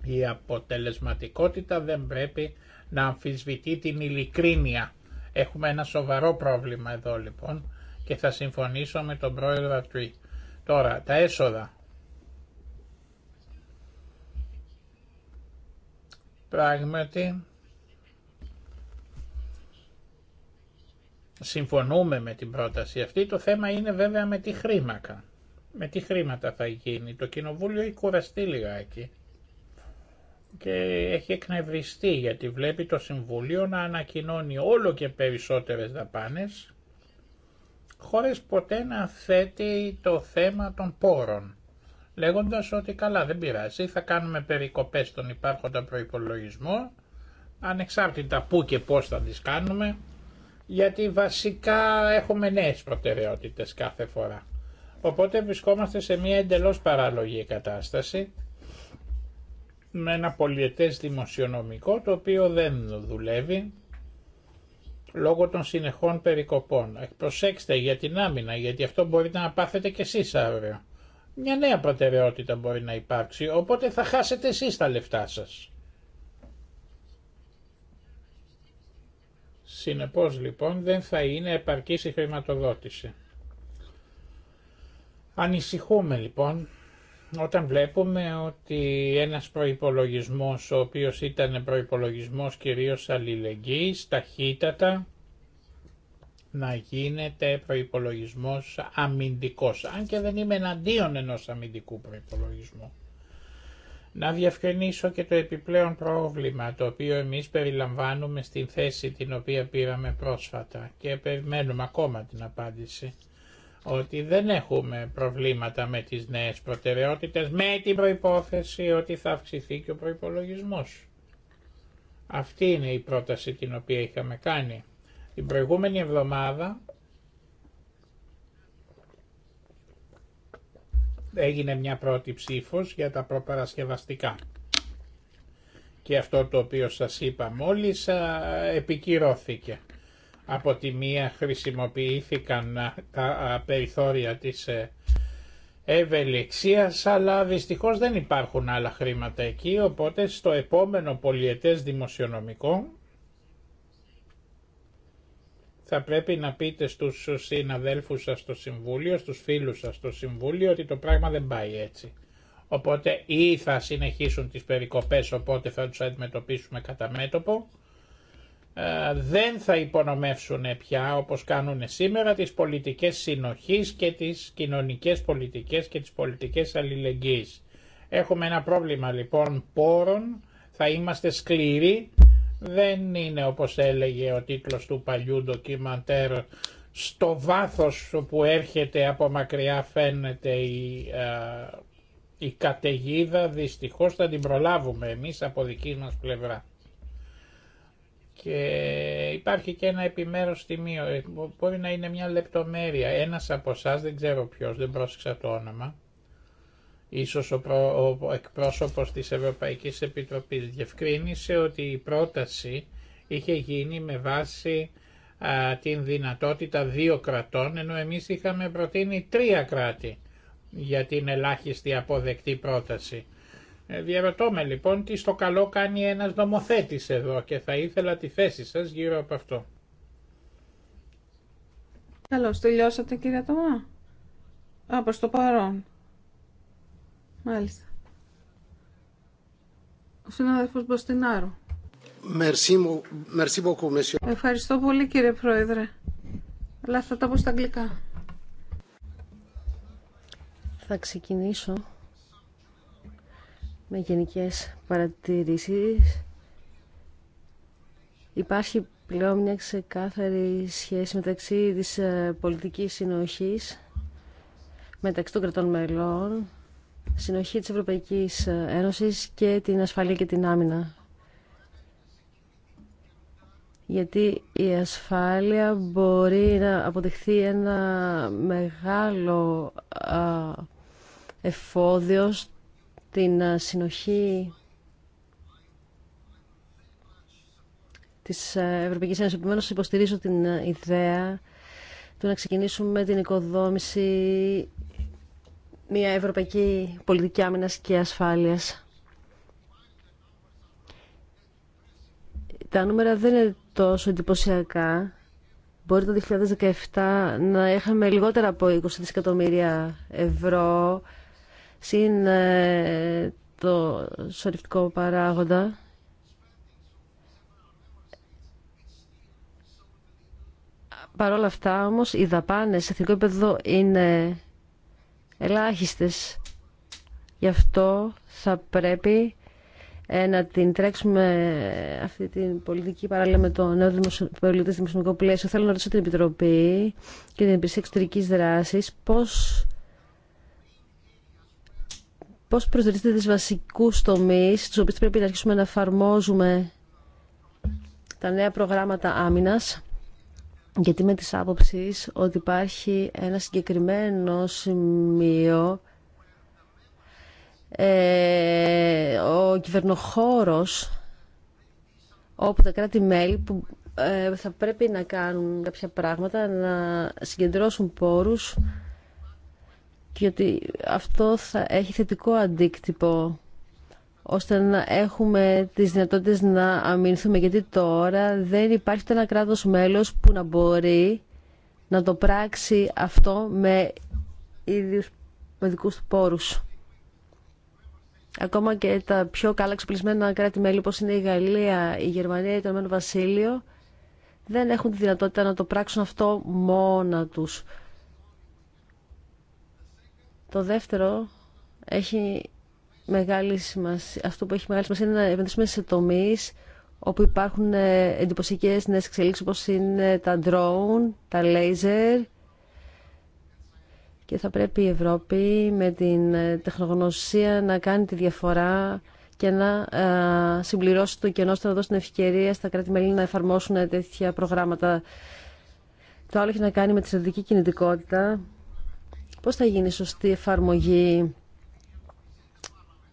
Η αποτελεσματικότητα δεν πρέπει να αμφισβητεί την ειλικρίνεια. Έχουμε ένα σοβαρό πρόβλημα εδώ λοιπόν και θα συμφωνήσω με τον πρόεδρο Τρίκ. Τώρα, τα έσοδα. Πράγματι, συμφωνούμε με την πρόταση αυτή. Το θέμα είναι βέβαια με τι χρήματα. Με τι χρήματα θα γίνει. Το κοινοβούλιο έχει κουραστεί λιγάκι και έχει εκνευριστεί γιατί βλέπει το Συμβουλίο να ανακοινώνει όλο και περισσότερες δαπάνες χωρίς ποτέ να θέτει το θέμα των πόρων, λέγοντας ότι καλά δεν πειράζει, θα κάνουμε περικοπές στον υπάρχοντα προϋπολογισμό, ανεξάρτητα πού και πώς θα τις κάνουμε, γιατί βασικά έχουμε νέες προτεραιότητες κάθε φορά. Οπότε βρισκόμαστε σε μια εντελώς παράλογη κατάσταση, με ένα πολιετές δημοσιονομικό το οποίο δεν δουλεύει λόγω των συνεχών περικοπών. Προσέξτε για την άμυνα, γιατί αυτό μπορείτε να πάθετε και εσείς αύριο. Μια νέα προτεραιότητα μπορεί να υπάρξει, οπότε θα χάσετε εσείς τα λεφτά σας. Συνεπώ λοιπόν δεν θα είναι επαρκή η χρηματοδότηση. Ανησυχούμε λοιπόν όταν βλέπουμε ότι ένας προϋπολογισμός, ο οποίος ήταν προϋπολογισμός κυρίως αλληλεγγύης, ταχύτατα, να γίνεται προϋπολογισμός αμυντικός, αν και δεν είμαι εναντίον ενός αμυντικού προϋπολογισμού. Να διευκρινίσω και το επιπλέον πρόβλημα το οποίο εμείς περιλαμβάνουμε στην θέση την οποία πήραμε πρόσφατα και περιμένουμε ακόμα την απάντηση ότι δεν έχουμε προβλήματα με τις νέες προτεραιότητες με την προϋπόθεση ότι θα αυξηθεί και ο προϋπολογισμός. Αυτή είναι η πρόταση την οποία είχαμε κάνει. Την προηγούμενη εβδομάδα έγινε μια πρώτη ψήφος για τα προπαρασκευαστικά. Και αυτό το οποίο σας είπα μόλις επικυρώθηκε. Από τη μία χρησιμοποιήθηκαν τα περιθώρια της ε, ευελιξίας, αλλά δυστυχώς δεν υπάρχουν άλλα χρήματα εκεί, οπότε στο επόμενο πολιετές δημοσιονομικό θα πρέπει να πείτε στους συναδέλφους σας στο Συμβούλιο, στους φίλους σας στο Συμβούλιο, ότι το πράγμα δεν πάει έτσι. Οπότε ή θα συνεχίσουν τις περικοπές, οπότε θα τους αντιμετωπίσουμε κατά μέτωπο, ε, δεν θα υπονομεύσουν πια όπως κάνουν σήμερα τις πολιτικές συνοχής και τις κοινωνικές πολιτικές και τις πολιτικές αλληλεγγύης. Έχουμε ένα πρόβλημα λοιπόν πόρων, θα είμαστε σκληροί, δεν είναι όπως έλεγε ο τίτλος του παλιού ντοκιμαντέρ στο βάθος που έρχεται από μακριά φαίνεται η, ε, η καταιγίδα, δυστυχώς θα την προλάβουμε εμείς από δική μας πλευρά και υπάρχει και ένα επιμέρος τιμίο, ε, μπορεί να είναι μια λεπτομέρεια. Ένας από εσά δεν ξέρω ποιος, δεν πρόσεξα το όνομα, ίσως ο, εκπρόσωπος της Ευρωπαϊκής Επιτροπής διευκρίνησε ότι η πρόταση είχε γίνει με βάση την δυνατότητα δύο κρατών, ενώ εμείς είχαμε προτείνει τρία κράτη για την ελάχιστη αποδεκτή πρόταση. Ε, Διαρωτώ με λοιπόν τι στο καλό κάνει ένας νομοθέτης εδώ και θα ήθελα τη θέση σας γύρω από αυτό. Καλώ, τελειώσατε κύριε Τωμά. Α, προς το παρόν. Μάλιστα. Ο συνάδελφος Μποστινάρου. Ευχαριστώ πολύ κύριε Πρόεδρε. Αλλά θα τα πω στα αγγλικά. Θα ξεκινήσω με γενικές παρατηρήσεις. Υπάρχει πλέον μια ξεκάθαρη σχέση μεταξύ της ε, πολιτικής συνοχής μεταξύ των κρατών μελών, συνοχή της Ευρωπαϊκής ε, Ένωσης και την ασφαλεία και την άμυνα. Γιατί η ασφάλεια μπορεί να αποδειχθεί ένα μεγάλο εφόδιο την ε, συνοχή της ε, Ευρωπαϊκής Ένωσης. Επομένως, υποστηρίζω την ε, ιδέα του να ξεκινήσουμε την οικοδόμηση μια ευρωπαϊκή πολιτική άμυνας και ασφάλειας. Τα νούμερα δεν είναι τόσο εντυπωσιακά. Μπορεί το 2017 να είχαμε λιγότερα από 20 δισεκατομμύρια ευρώ συν ε, το σωρευτικό παράγοντα Παρ' όλα αυτά όμως οι δαπάνες σε εθνικό επίπεδο είναι ελάχιστες. Γι' αυτό θα πρέπει ε, να την τρέξουμε ε, αυτή την πολιτική παράλληλα με το νέο πολιτικό δημοσιονομικό πλαίσιο. Θέλω να ρωτήσω την Επιτροπή και την Επιτροπή Εξωτερική Δράση πώ πώς προσδιορίζετε τις βασικούς τομείς, στους οποίους πρέπει να αρχίσουμε να εφαρμόζουμε τα νέα προγράμματα άμυνας, γιατί με τις άποψεις ότι υπάρχει ένα συγκεκριμένο σημείο ε, ο κυβερνοχώρος όπου τα κράτη-μέλη που ε, θα πρέπει να κάνουν κάποια πράγματα, να συγκεντρώσουν πόρους και ότι αυτό θα έχει θετικό αντίκτυπο ώστε να έχουμε τις δυνατότητες να αμυνθούμε γιατί τώρα δεν υπάρχει ένα κράτος μέλος που να μπορεί να το πράξει αυτό με ίδιους με δικούς του πόρους. Ακόμα και τα πιο καλά εξοπλισμένα κράτη-μέλη όπως είναι η Γαλλία, η Γερμανία ή το Βασίλειο δεν έχουν τη δυνατότητα να το πράξουν αυτό μόνα τους. Το δεύτερο έχει μεγάλη αυτό που έχει μεγάλη σημασία είναι να επενδύσουμε σε τομεί όπου υπάρχουν ε, εντυπωσιακέ νέες εξελίξεις όπως είναι τα drone, τα laser και θα πρέπει η Ευρώπη με την ε, τεχνογνωσία να κάνει τη διαφορά και να ε, συμπληρώσει το κενό στο να δώσει την ευκαιρία στα κράτη-μέλη να εφαρμόσουν τέτοια προγράμματα. Το άλλο έχει να κάνει με τη στρατηγική κινητικότητα Πώς θα γίνει σωστή εφαρμογή.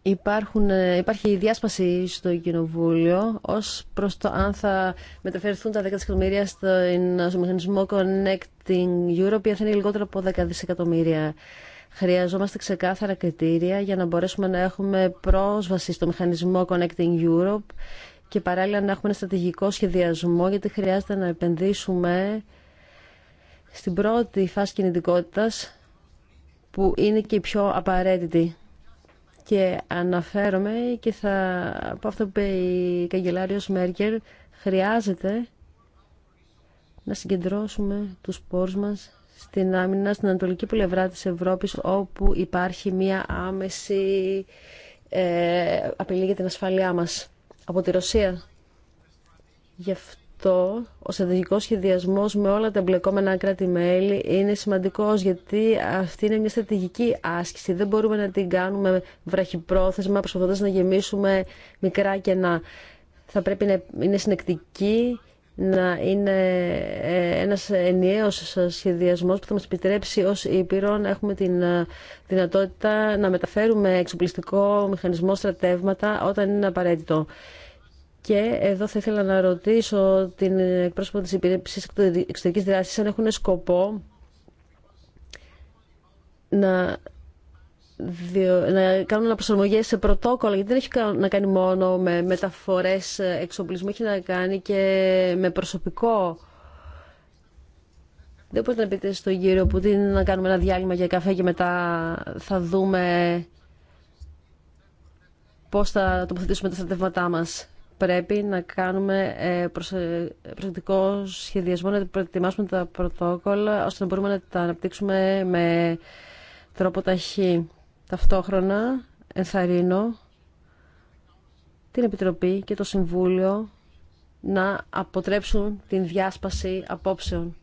Υπάρχουν, ε, υπάρχει διάσπαση στο Κοινοβούλιο ως προς το αν θα μεταφερθούν τα 10 δισεκατομμύρια στο μηχανισμό Connecting Europe ή θα είναι λιγότερο από 10 δισεκατομμύρια. Χρειαζόμαστε ξεκάθαρα κριτήρια για να μπορέσουμε να έχουμε πρόσβαση στο μηχανισμό Connecting Europe και παράλληλα να έχουμε ένα στρατηγικό σχεδιασμό γιατί χρειάζεται να επενδύσουμε στην πρώτη φάση κινητικότητας που είναι και η πιο απαραίτητη. Και αναφέρομαι και θα από αυτό που είπε η καγκελάριος Μέρκερ, χρειάζεται να συγκεντρώσουμε τους πόρους μας στην άμυνα στην ανατολική πλευρά της Ευρώπης όπου υπάρχει μία άμεση ε, απειλή για την ασφαλειά μας από τη Ρωσία. Γι' αυτό αυτό ο στρατηγικό σχεδιασμός με όλα τα εμπλεκόμενα κράτη-μέλη είναι σημαντικός γιατί αυτή είναι μια στρατηγική άσκηση. Δεν μπορούμε να την κάνουμε βραχυπρόθεσμα προσπαθώντα να γεμίσουμε μικρά κενά. Θα πρέπει να είναι συνεκτική, να είναι ε, ένας ενιαίος σχεδιασμός που θα μας επιτρέψει ω Ήπειρο να έχουμε τη ε, δυνατότητα να μεταφέρουμε εξοπλιστικό μηχανισμό στρατεύματα όταν είναι απαραίτητο. Και εδώ θα ήθελα να ρωτήσω την εκπρόσωπο της υπηρεσίας εξωτερικής δράσης αν έχουν σκοπό να, να κάνουν προσαρμογές σε πρωτόκολλα, γιατί δεν έχει να κάνει μόνο με μεταφορές εξοπλισμού, έχει να κάνει και με προσωπικό. Δεν μπορείτε να πείτε στον κύριο είναι να κάνουμε ένα διάλειμμα για καφέ και μετά θα δούμε πώς θα τοποθετήσουμε τα στρατεύματά μας πρέπει να κάνουμε ε, προσεκτικό σχεδιασμό, να προετοιμάσουμε τα πρωτόκολλα, ώστε να μπορούμε να τα αναπτύξουμε με τρόπο ταχύ. Ταυτόχρονα ενθαρρύνω την Επιτροπή και το Συμβούλιο να αποτρέψουν την διάσπαση απόψεων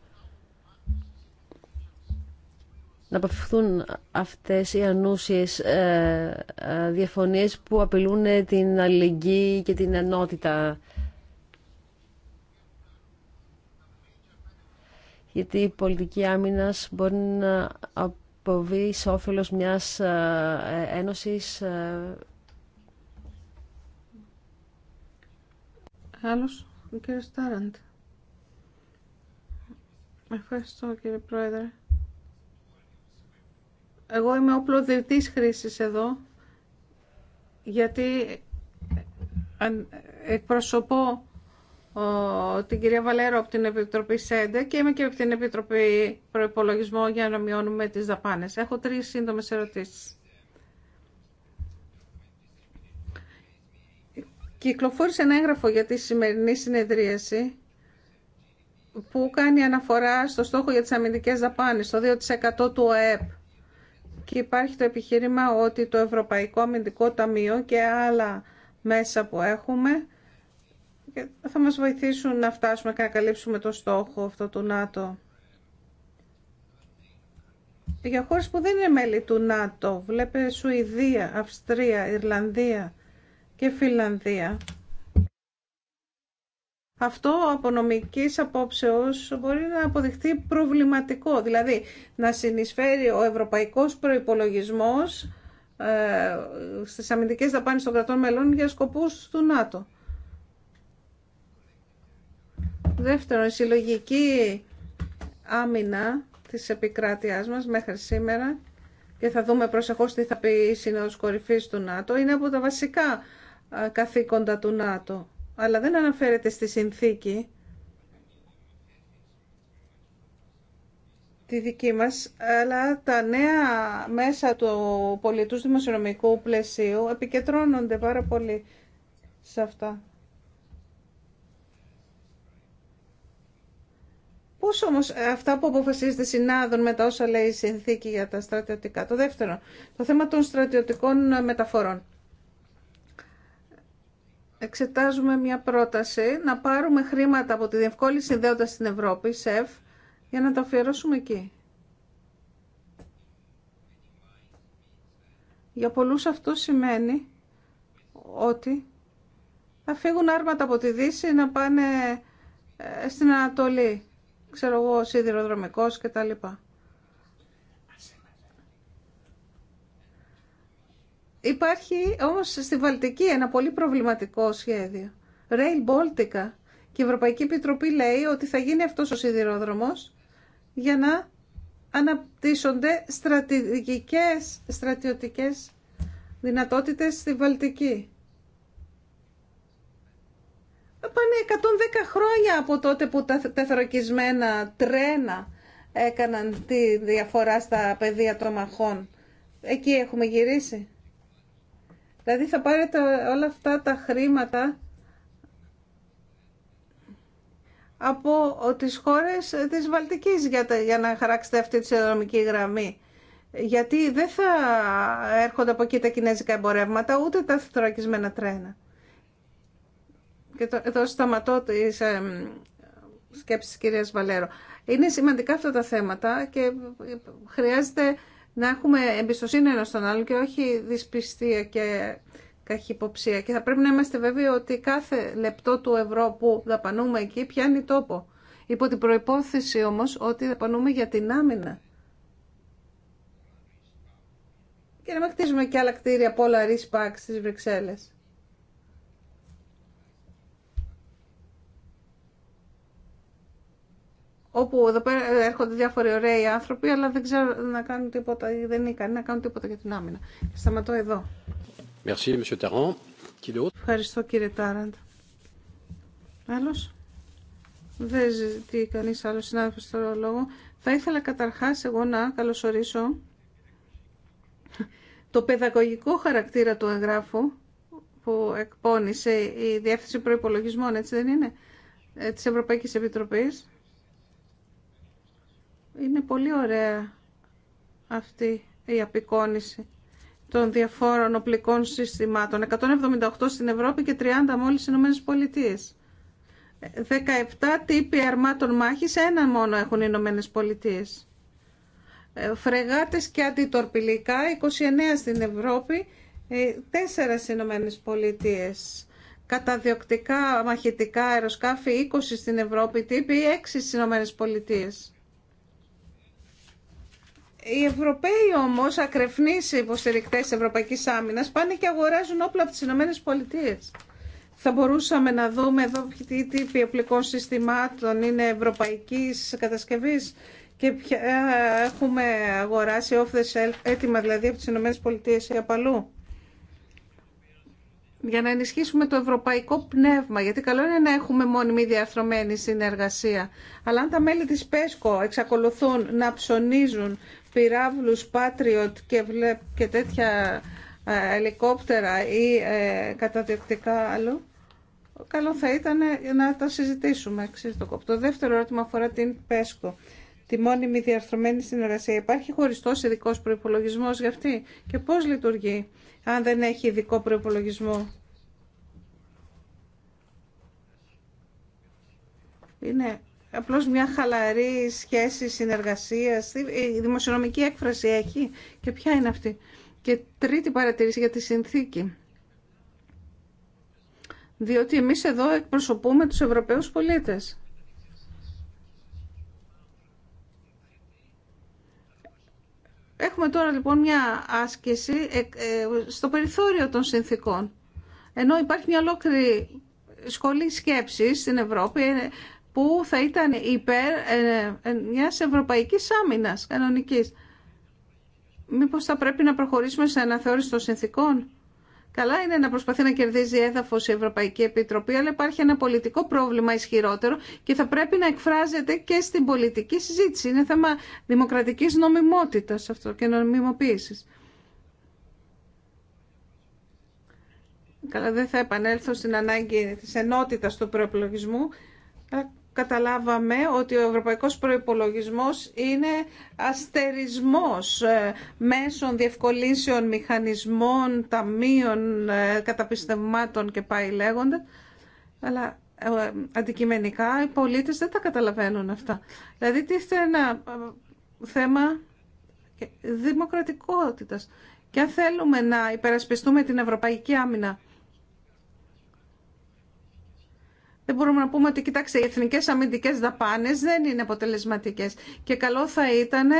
να αποφευχθούν αυτές οι ανούσιες ε, ε διαφωνίες που απειλούν ε, την αλληλεγγύη και την ενότητα. Γιατί η πολιτική άμυνας μπορεί να αποβεί σε όφελος μιας ε, ένωσης. Άλλος, ο Τάραντ. Ευχαριστώ κύριε Πρόεδρε. Εγώ είμαι όπλο διτής χρήσης εδώ, γιατί εκπροσωπώ την κυρία Βαλέρο από την Επιτροπή ΣΕΝΤΕ και είμαι και από την Επιτροπή Προϋπολογισμό για να μειώνουμε τις δαπάνες. Έχω τρεις σύντομες ερωτήσεις. Κυκλοφόρησε ένα έγγραφο για τη σημερινή συνεδρίαση που κάνει αναφορά στο στόχο για τις αμυντικές δαπάνες, το 2% του ΟΕΠ. Και υπάρχει το επιχείρημα ότι το Ευρωπαϊκό Αμυντικό Ταμείο και άλλα μέσα που έχουμε θα μας βοηθήσουν να φτάσουμε και να καλύψουμε το στόχο αυτό του ΝΑΤΟ. Για χώρες που δεν είναι μέλη του ΝΑΤΟ, βλέπετε Σουηδία, Αυστρία, Ιρλανδία και Φιλανδία, αυτό από νομικής απόψεως μπορεί να αποδειχθεί προβληματικό. Δηλαδή να συνεισφέρει ο ευρωπαϊκός προϋπολογισμός ε, στις αμυντικές δαπάνες των κρατών μελών για σκοπούς του ΝΑΤΟ. Δεύτερον, η συλλογική άμυνα της επικράτειάς μας μέχρι σήμερα και θα δούμε προσεχώς τι θα πει η Σύνοδος του ΝΑΤΟ, είναι από τα βασικά ε, καθήκοντα του ΝΑΤΟ αλλά δεν αναφέρεται στη συνθήκη τη δική μας, αλλά τα νέα μέσα του πολιτούς δημοσιονομικού πλαισίου επικεντρώνονται πάρα πολύ σε αυτά. Πώς όμως αυτά που αποφασίζετε συνάδουν με τα όσα λέει η συνθήκη για τα στρατιωτικά. Το δεύτερο, το θέμα των στρατιωτικών μεταφορών εξετάζουμε μια πρόταση να πάρουμε χρήματα από τη διευκόλυνση συνδέοντα στην Ευρώπη, ΣΕΦ, για να τα αφιερώσουμε εκεί. Για πολλούς αυτό σημαίνει ότι θα φύγουν άρματα από τη Δύση να πάνε ε, στην Ανατολή, ξέρω εγώ, σιδηροδρομικός κτλ. Υπάρχει όμως στη Βαλτική ένα πολύ προβληματικό σχέδιο. Rail Baltica. Και η Ευρωπαϊκή Επιτροπή λέει ότι θα γίνει αυτός ο σιδηρόδρομος για να αναπτύσσονται στρατηγικές, στρατιωτικές δυνατότητες στη Βαλτική. Πάνε 110 χρόνια από τότε που τα τεθροκισμένα τρένα έκαναν τη διαφορά στα πεδία των μαχών. Εκεί έχουμε γυρίσει. Δηλαδή θα πάρετε όλα αυτά τα χρήματα από τις χώρες της Βαλτικής για, να χαράξετε αυτή τη συνδρομική γραμμή. Γιατί δεν θα έρχονται από εκεί τα κινέζικα εμπορεύματα, ούτε τα θωρακισμένα τρένα. Και το, εδώ σταματώ τις σκέψεις της κυρίας Βαλέρο. Είναι σημαντικά αυτά τα θέματα και χρειάζεται να έχουμε εμπιστοσύνη ένα στον άλλο και όχι δυσπιστία και καχυποψία. Και θα πρέπει να είμαστε βέβαιοι ότι κάθε λεπτό του ευρώ που δαπανούμε εκεί πιάνει τόπο. Υπό την προϋπόθεση όμως ότι δαπανούμε για την άμυνα. Και να μην χτίζουμε και άλλα κτίρια από όλα ρίσπαξ στις Βρυξέλλες. όπου εδώ πέρα έρχονται διάφοροι ωραίοι άνθρωποι, αλλά δεν ξέρω να κάνουν τίποτα, ή δεν είναι ικανοί να κάνουν τίποτα για την άμυνα. Σταματώ εδώ. Merci, Ευχαριστώ κύριε Τάραντ. Άλλο. Δεν ζητεί κανεί άλλο συνάδελφο τώρα λόγο. Θα ήθελα καταρχά εγώ να καλωσορίσω το παιδαγωγικό χαρακτήρα του εγγράφου που εκπώνησε η Διεύθυνση Προϋπολογισμών, έτσι δεν είναι, ε, της Ευρωπαϊκής Επιτροπής είναι πολύ ωραία αυτή η απεικόνηση των διαφόρων οπλικών συστημάτων. 178 στην Ευρώπη και 30 μόλις στις Ηνωμένες Πολιτείες. 17 τύποι αρμάτων μάχης, ένα μόνο έχουν οι Ηνωμένε Πολιτείες. Ε, φρεγάτες και αντιτορπιλικά, 29 στην Ευρώπη, 4 ε, στις Ηνωμένε Πολιτείες. Καταδιοκτικά μαχητικά αεροσκάφη, 20 στην Ευρώπη τύποι, 6 στις Ηνωμένε Πολιτείες. Οι Ευρωπαίοι όμω ακρεφνεί υποστηρικτέ τη Ευρωπαϊκή Άμυνας, πάνε και αγοράζουν όπλα από τι Ηνωμένες Πολιτείες. Θα μπορούσαμε να δούμε εδώ τι τύποι οπλικών συστημάτων είναι Ευρωπαϊκή κατασκευή και ποια ε, έχουμε αγοράσει shelf, έτοιμα δηλαδή από τι Ηνωμένες Πολιτείες ή απαλού. Για να ενισχύσουμε το ευρωπαϊκό πνεύμα, γιατί καλό είναι να έχουμε μόνιμη διαρθρωμένη συνεργασία. Αλλά αν τα μέλη της ΠΕΣΚΟ εξακολουθούν να ψωνίζουν πυράβλους Patriot και, και τέτοια ε, ελικόπτερα ή ε, καταδιοκτικά άλλο, καλό θα ήταν να τα συζητήσουμε. το Το δεύτερο ερώτημα αφορά την ΠΕΣΚΟ. Τη μόνιμη διαρθρωμένη συνεργασία. Υπάρχει χωριστό ειδικό προπολογισμό για αυτή και πώ λειτουργεί, αν δεν έχει ειδικό προπολογισμό. Είναι απλώς μια χαλαρή σχέση συνεργασίας, η δημοσιονομική έκφραση έχει και ποια είναι αυτή. Και τρίτη παρατηρήση για τη συνθήκη. Διότι εμείς εδώ εκπροσωπούμε τους Ευρωπαίους πολίτες. Έχουμε τώρα λοιπόν μια άσκηση ε, ε, στο περιθώριο των συνθήκων. Ενώ υπάρχει μια ολόκληρη σχολή σκέψης στην Ευρώπη, ε, που θα ήταν υπέρ ε, ε, μιας ευρωπαϊκής άμυνας κανονικής. Μήπως θα πρέπει να προχωρήσουμε σε αναθεώρηση των συνθήκων. Καλά είναι να προσπαθεί να κερδίζει έδαφος η Ευρωπαϊκή Επιτροπή, αλλά υπάρχει ένα πολιτικό πρόβλημα ισχυρότερο και θα πρέπει να εκφράζεται και στην πολιτική συζήτηση. Είναι θέμα δημοκρατικής νομιμότητας αυτό και νομιμοποίησης. Καλά, δεν θα επανέλθω στην ανάγκη της ενότητας του προεπλογισμού καταλάβαμε ότι ο ευρωπαϊκός προϋπολογισμός είναι αστερισμός ε, μέσων διευκολύνσεων, μηχανισμών, ταμείων, ε, καταπιστευμάτων και πάει λέγοντα. Αλλά ε, αντικειμενικά οι πολίτες δεν τα καταλαβαίνουν αυτά. Δηλαδή τίθεται ένα θέμα δημοκρατικότητας. Και αν θέλουμε να υπερασπιστούμε την ευρωπαϊκή άμυνα δεν μπορούμε να πούμε ότι κοιτάξτε οι εθνικές αμυντικές δαπάνες δεν είναι αποτελεσματικές και καλό θα ήταν ε,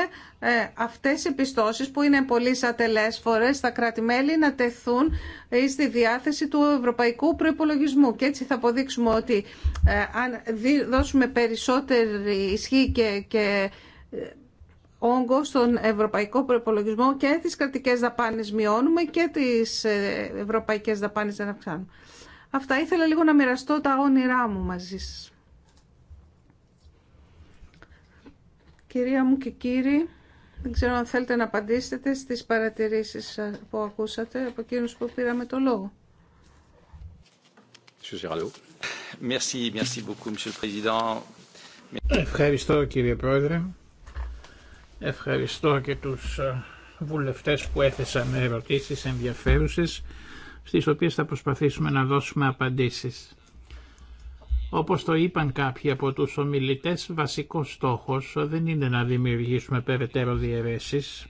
αυτές οι πιστώσεις που είναι πολύ σατελές φορές στα κράτη-μέλη να τεθούν ε, στη διάθεση του ευρωπαϊκού προϋπολογισμού και έτσι θα αποδείξουμε ότι ε, αν δώσουμε περισσότερη ισχύ και, και ε, όγκο στον ευρωπαϊκό προπολογισμό και τις κρατικές δαπάνες μειώνουμε και τις ευρωπαϊκές δαπάνες δεν αυξάνουμε. Αυτά ήθελα λίγο να μοιραστώ τα όνειρά μου μαζί σας. Κυρία μου και κύριοι, δεν ξέρω αν θέλετε να απαντήσετε στις παρατηρήσεις που ακούσατε από εκείνους που πήραμε το λόγο. Ευχαριστώ κύριε Πρόεδρε. Ευχαριστώ και τους ε, βουλευτές που έθεσαν ερωτήσεις ενδιαφέρουσες στις οποίες θα προσπαθήσουμε να δώσουμε απαντήσεις. Όπως το είπαν κάποιοι από τους ομιλητές, βασικός στόχος δεν είναι να δημιουργήσουμε περαιτέρω διαιρέσεις.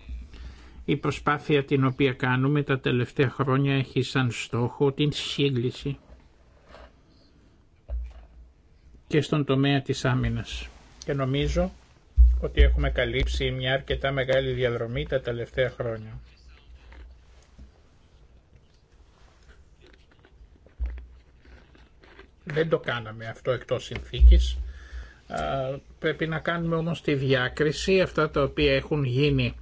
Η προσπάθεια την οποία κάνουμε τα τελευταία χρόνια έχει σαν στόχο την σύγκληση και στον τομέα της άμυνας. Και νομίζω ότι έχουμε καλύψει μια αρκετά μεγάλη διαδρομή τα τελευταία χρόνια. Δεν το κάναμε αυτό εκτός συνθήκης. Πρέπει να κάνουμε όμως τη διάκριση αυτά τα οποία έχουν γίνει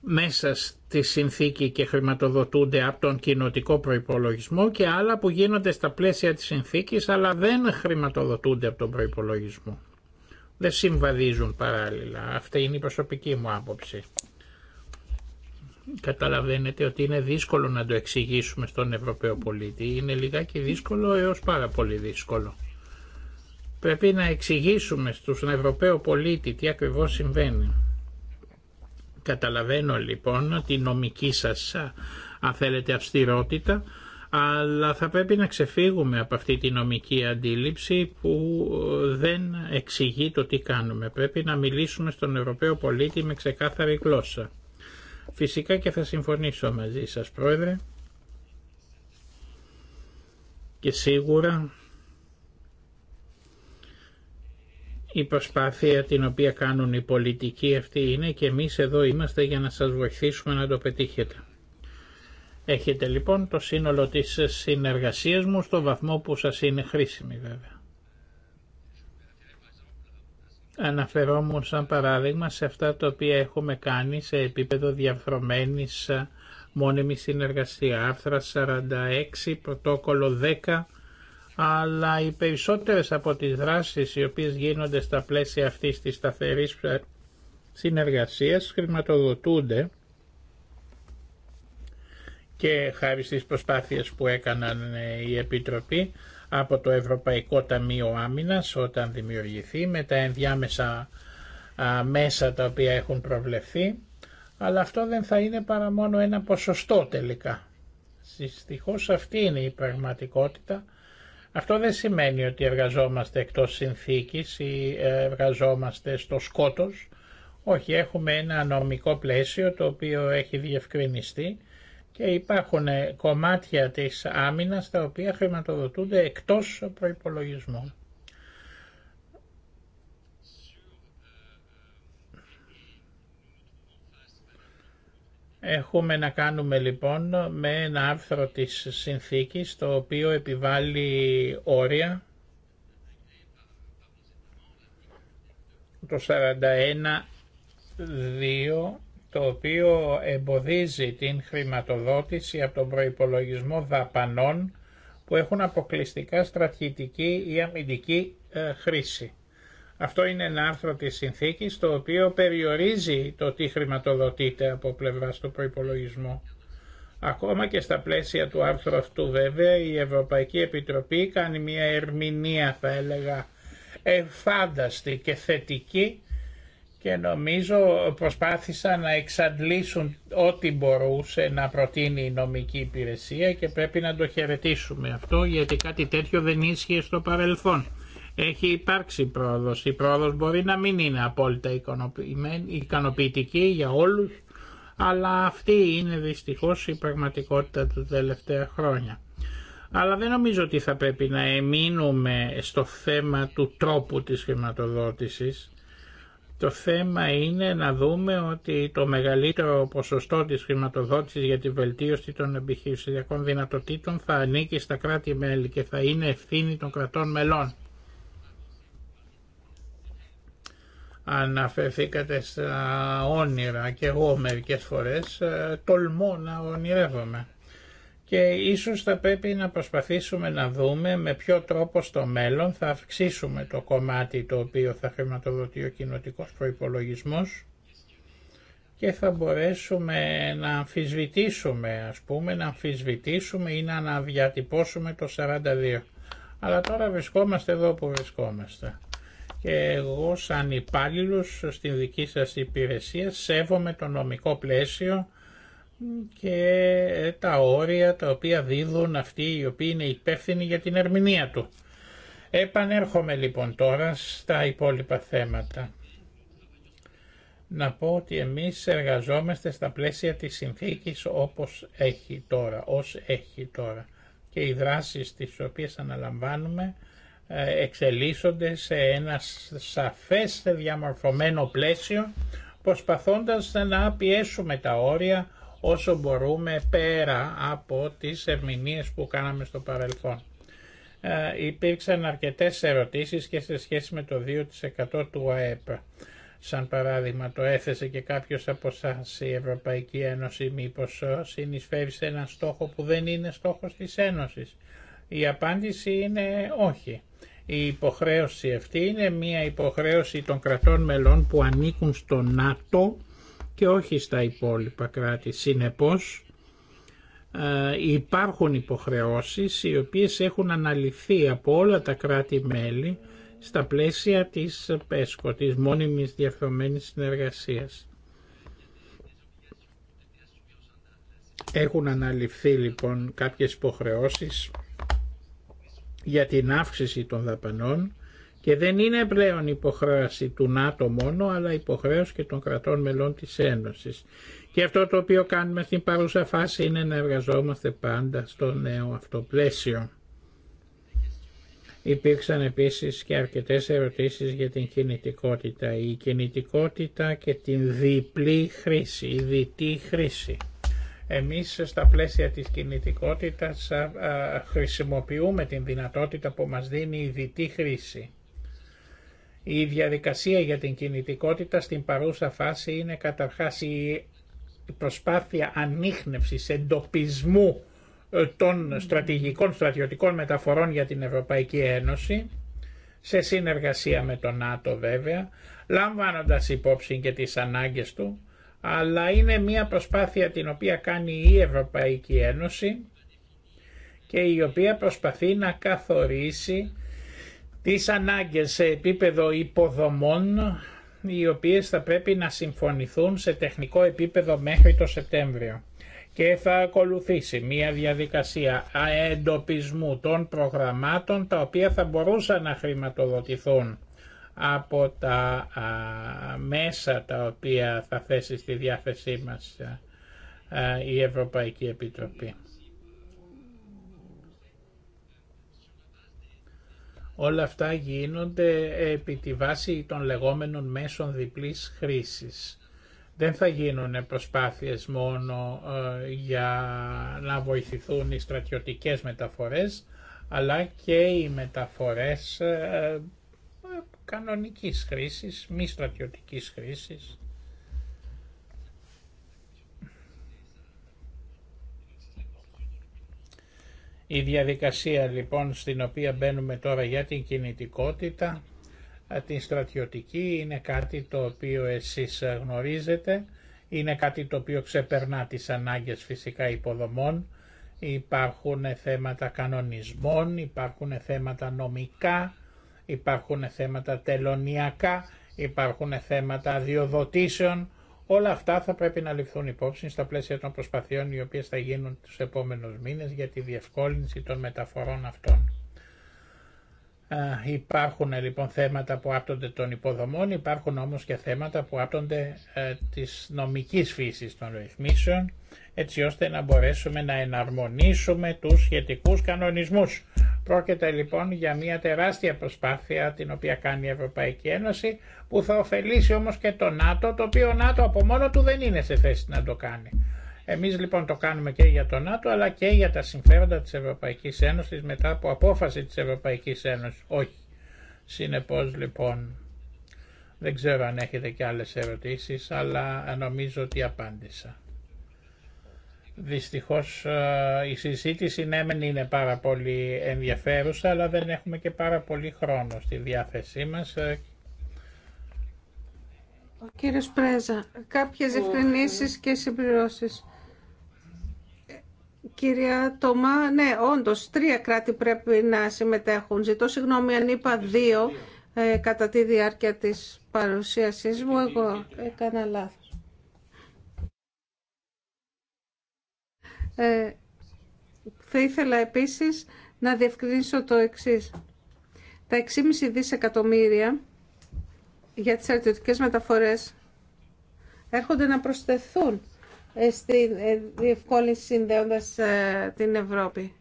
μέσα στη συνθήκη και χρηματοδοτούνται από τον κοινοτικό προϋπολογισμό και άλλα που γίνονται στα πλαίσια της συνθήκης αλλά δεν χρηματοδοτούνται από τον προϋπολογισμό. Δεν συμβαδίζουν παράλληλα. Αυτή είναι η προσωπική μου άποψη. Καταλαβαίνετε ότι είναι δύσκολο να το εξηγήσουμε στον Ευρωπαίο πολίτη. Είναι λιγάκι δύσκολο έως πάρα πολύ δύσκολο. Πρέπει να εξηγήσουμε στον Ευρωπαίο πολίτη τι ακριβώς συμβαίνει. Καταλαβαίνω λοιπόν τη νομική σας, αν αυστηρότητα, αλλά θα πρέπει να ξεφύγουμε από αυτή τη νομική αντίληψη που ε, δεν εξηγεί το τι κάνουμε. Πρέπει να μιλήσουμε στον Ευρωπαίο πολίτη με ξεκάθαρη γλώσσα. Φυσικά και θα συμφωνήσω μαζί σας πρόεδρε και σίγουρα η προσπάθεια την οποία κάνουν οι πολιτικοί αυτοί είναι και εμείς εδώ είμαστε για να σας βοηθήσουμε να το πετύχετε. Έχετε λοιπόν το σύνολο της συνεργασίας μου στο βαθμό που σας είναι χρήσιμη βέβαια. Αναφερόμουν σαν παράδειγμα σε αυτά τα οποία έχουμε κάνει σε επίπεδο διαφρομένης ε, μόνιμη συνεργασία. Άρθρα 46, πρωτόκολλο 10, αλλά οι περισσότερες από τις δράσεις οι οποίες γίνονται στα πλαίσια αυτής της σταθερής ε, συνεργασίας χρηματοδοτούνται και χάρη στις προσπάθειες που έκαναν ε, η Επιτροπή από το Ευρωπαϊκό Ταμείο Άμυνας όταν δημιουργηθεί με τα ενδιάμεσα μέσα τα οποία έχουν προβλεφθεί αλλά αυτό δεν θα είναι παρά μόνο ένα ποσοστό τελικά. Συστυχώς αυτή είναι η πραγματικότητα. Αυτό δεν σημαίνει ότι εργαζόμαστε εκτός συνθήκης ή ε, εργαζόμαστε στο σκότος. Όχι, έχουμε ένα νομικό πλαίσιο το οποίο έχει διευκρινιστεί και υπάρχουν κομμάτια της άμυνας τα οποία χρηματοδοτούνται εκτός προϋπολογισμού. Έχουμε να κάνουμε λοιπόν με ένα άρθρο της συνθήκης το οποίο επιβάλλει όρια το 41 2 το οποίο εμποδίζει την χρηματοδότηση από τον προϋπολογισμό δαπανών που έχουν αποκλειστικά στρατηγική ή αμυντική ε, χρήση. Αυτό είναι ένα άρθρο της συνθήκης το οποίο περιορίζει το τι χρηματοδοτείται από πλευρά του προϋπολογισμού. Ακόμα και στα πλαίσια του άρθρου αυτού βέβαια η Ευρωπαϊκή Επιτροπή κάνει μια ερμηνεία θα έλεγα εφάνταστη και θετική και νομίζω προσπάθησαν να εξαντλήσουν ό,τι μπορούσε να προτείνει η νομική υπηρεσία και πρέπει να το χαιρετήσουμε αυτό γιατί κάτι τέτοιο δεν ίσχυε στο παρελθόν. Έχει υπάρξει πρόοδος. Η πρόοδος μπορεί να μην είναι απόλυτα ικανοποιητική για όλους αλλά αυτή είναι δυστυχώς η πραγματικότητα του τελευταία χρόνια. Αλλά δεν νομίζω ότι θα πρέπει να εμείνουμε στο θέμα του τρόπου της χρηματοδότησης το θέμα είναι να δούμε ότι το μεγαλύτερο ποσοστό της χρηματοδότησης για τη βελτίωση των επιχειρησιακών δυνατοτήτων θα ανήκει στα κράτη-μέλη και θα είναι ευθύνη των κρατών μελών. Αναφερθήκατε στα όνειρα και εγώ μερικές φορές ε, τολμώ να ονειρεύομαι και ίσως θα πρέπει να προσπαθήσουμε να δούμε με ποιο τρόπο στο μέλλον θα αυξήσουμε το κομμάτι το οποίο θα χρηματοδοτεί ο κοινοτικό προϋπολογισμός και θα μπορέσουμε να αμφισβητήσουμε, ας πούμε, να αμφισβητήσουμε ή να αναδιατυπώσουμε το 42. Αλλά τώρα βρισκόμαστε εδώ που βρισκόμαστε. Και εγώ σαν υπάλληλο στην δική σας υπηρεσία σέβομαι το νομικό πλαίσιο και ε, τα όρια τα οποία δίδουν αυτοί οι οποίοι είναι υπεύθυνοι για την ερμηνεία του. Επανέρχομαι λοιπόν τώρα στα υπόλοιπα θέματα. Να πω ότι εμείς εργαζόμαστε στα πλαίσια της συνθήκης όπως έχει τώρα, ως έχει τώρα και οι δράσεις τις οποίες αναλαμβάνουμε ε, εξελίσσονται σε ένα σαφές διαμορφωμένο πλαίσιο προσπαθώντας να πιέσουμε τα όρια όσο μπορούμε πέρα από τις ερμηνείες που κάναμε στο παρελθόν. Ε, υπήρξαν αρκετές ερωτήσεις και σε σχέση με το 2% του ΑΕΠ. Σαν παράδειγμα το έθεσε και κάποιος από σας η Ευρωπαϊκή Ένωση μήπως ε, συνεισφέρει σε έναν στόχο που δεν είναι στόχος της Ένωσης. Η απάντηση είναι όχι. Η υποχρέωση αυτή είναι μια υποχρέωση των κρατών μελών που ανήκουν στο ΝΑΤΟ και όχι στα υπόλοιπα κράτη. Συνεπώς ε, υπάρχουν υποχρεώσεις οι οποίες έχουν αναλυθεί από όλα τα κράτη-μέλη στα πλαίσια της ΠΕΣΚΟ, της μόνιμης διαφθομένης συνεργασίας. Έχουν αναλυφθεί λοιπόν κάποιες υποχρεώσεις για την αύξηση των δαπανών και δεν είναι πλέον υποχρέωση του ΝΑΤΟ μόνο, αλλά υποχρέωση και των κρατών μελών της Ένωσης. Και αυτό το οποίο κάνουμε στην παρούσα φάση είναι να εργαζόμαστε πάντα στο νέο αυτό πλαίσιο. Υπήρξαν επίσης και αρκετές ερωτήσεις για την κινητικότητα. Η κινητικότητα και την διπλή χρήση, η διτή χρήση. Εμείς στα πλαίσια της κινητικότητας χρησιμοποιούμε την δυνατότητα που μα δίνει η διτή χρήση. Η διαδικασία για την κινητικότητα στην παρούσα φάση είναι καταρχάς η προσπάθεια ανείχνευσης, εντοπισμού ε, των στρατηγικών στρατιωτικών μεταφορών για την Ευρωπαϊκή Ένωση, σε συνεργασία με τον ΝΑΤΟ βέβαια, λαμβάνοντας υπόψη και τις ανάγκες του, αλλά είναι μια προσπάθεια την οποία κάνει η Ευρωπαϊκή Ένωση και η οποία προσπαθεί να καθορίσει τις ανάγκες σε επίπεδο υποδομών οι οποίες θα πρέπει να συμφωνηθούν σε τεχνικό επίπεδο μέχρι το Σεπτέμβριο και θα ακολουθήσει μια διαδικασία εντοπισμού των προγραμμάτων τα οποία θα μπορούσαν να χρηματοδοτηθούν από τα μέσα τα οποία θα θέσει στη διάθεσή μας η Ευρωπαϊκή Επιτροπή. Όλα αυτά γίνονται επί τη βάση των λεγόμενων μέσων διπλής χρήσης. Δεν θα γίνουν προσπάθειες μόνο ε, για να βοηθηθούν οι στρατιωτικές μεταφορές, αλλά και οι μεταφορές ε, ε, κανονικής χρήσης, μη στρατιωτικής χρήσης. Η διαδικασία λοιπόν στην οποία μπαίνουμε τώρα για την κινητικότητα, την στρατιωτική, είναι κάτι το οποίο εσείς γνωρίζετε, είναι κάτι το οποίο ξεπερνά τις ανάγκες φυσικά υποδομών, υπάρχουν θέματα κανονισμών, υπάρχουν θέματα νομικά, υπάρχουν θέματα τελωνιακά, υπάρχουν θέματα αδειοδοτήσεων, Όλα αυτά θα πρέπει να ληφθούν υπόψη στα πλαίσια των προσπαθειών οι οποίες θα γίνουν τους επόμενους μήνες για τη διευκόλυνση των μεταφορών αυτών. Υπάρχουν λοιπόν θέματα που άπτονται των υποδομών, υπάρχουν όμως και θέματα που άπτονται ε, της νομικής φύσης των ρυθμίσεων έτσι ώστε να μπορέσουμε να εναρμονίσουμε τους σχετικούς κανονισμούς. Πρόκειται λοιπόν για μια τεράστια προσπάθεια την οποία κάνει η Ευρωπαϊκή Ένωση που θα ωφελήσει όμως και το ΝΑΤΟ το οποίο ο ΝΑΤΟ από μόνο του δεν είναι σε θέση να το κάνει. Εμείς λοιπόν το κάνουμε και για το ΝΑΤΟ αλλά και για τα συμφέροντα της Ευρωπαϊκής Ένωσης μετά από απόφαση της Ευρωπαϊκής Ένωσης. Όχι. Συνεπώς λοιπόν δεν ξέρω αν έχετε και άλλες ερωτήσεις αλλά νομίζω ότι απάντησα. Δυστυχώς ε, η συζήτηση ναι μεν είναι πάρα πολύ ενδιαφέρουσα αλλά δεν έχουμε και πάρα πολύ χρόνο στη διάθεσή μας. Ε. Ο κύριος Πρέζα, κάποιες ευθυνήσεις και συμπληρώσεις. Κυρία Τωμά, ναι, όντως, τρία κράτη πρέπει να συμμετέχουν. Ζητώ συγγνώμη αν είπα δύο ε, κατά τη διάρκεια της παρουσίασής μου. Εγώ έκανα Ε, θα ήθελα επίσης να διευκρινίσω το εξής. Τα 6,5 δισεκατομμύρια για τις αρτιωτικές μεταφορές έρχονται να προσθεθούν ε, στη ε, διευκόλυνση συνδέοντας την Ευρώπη.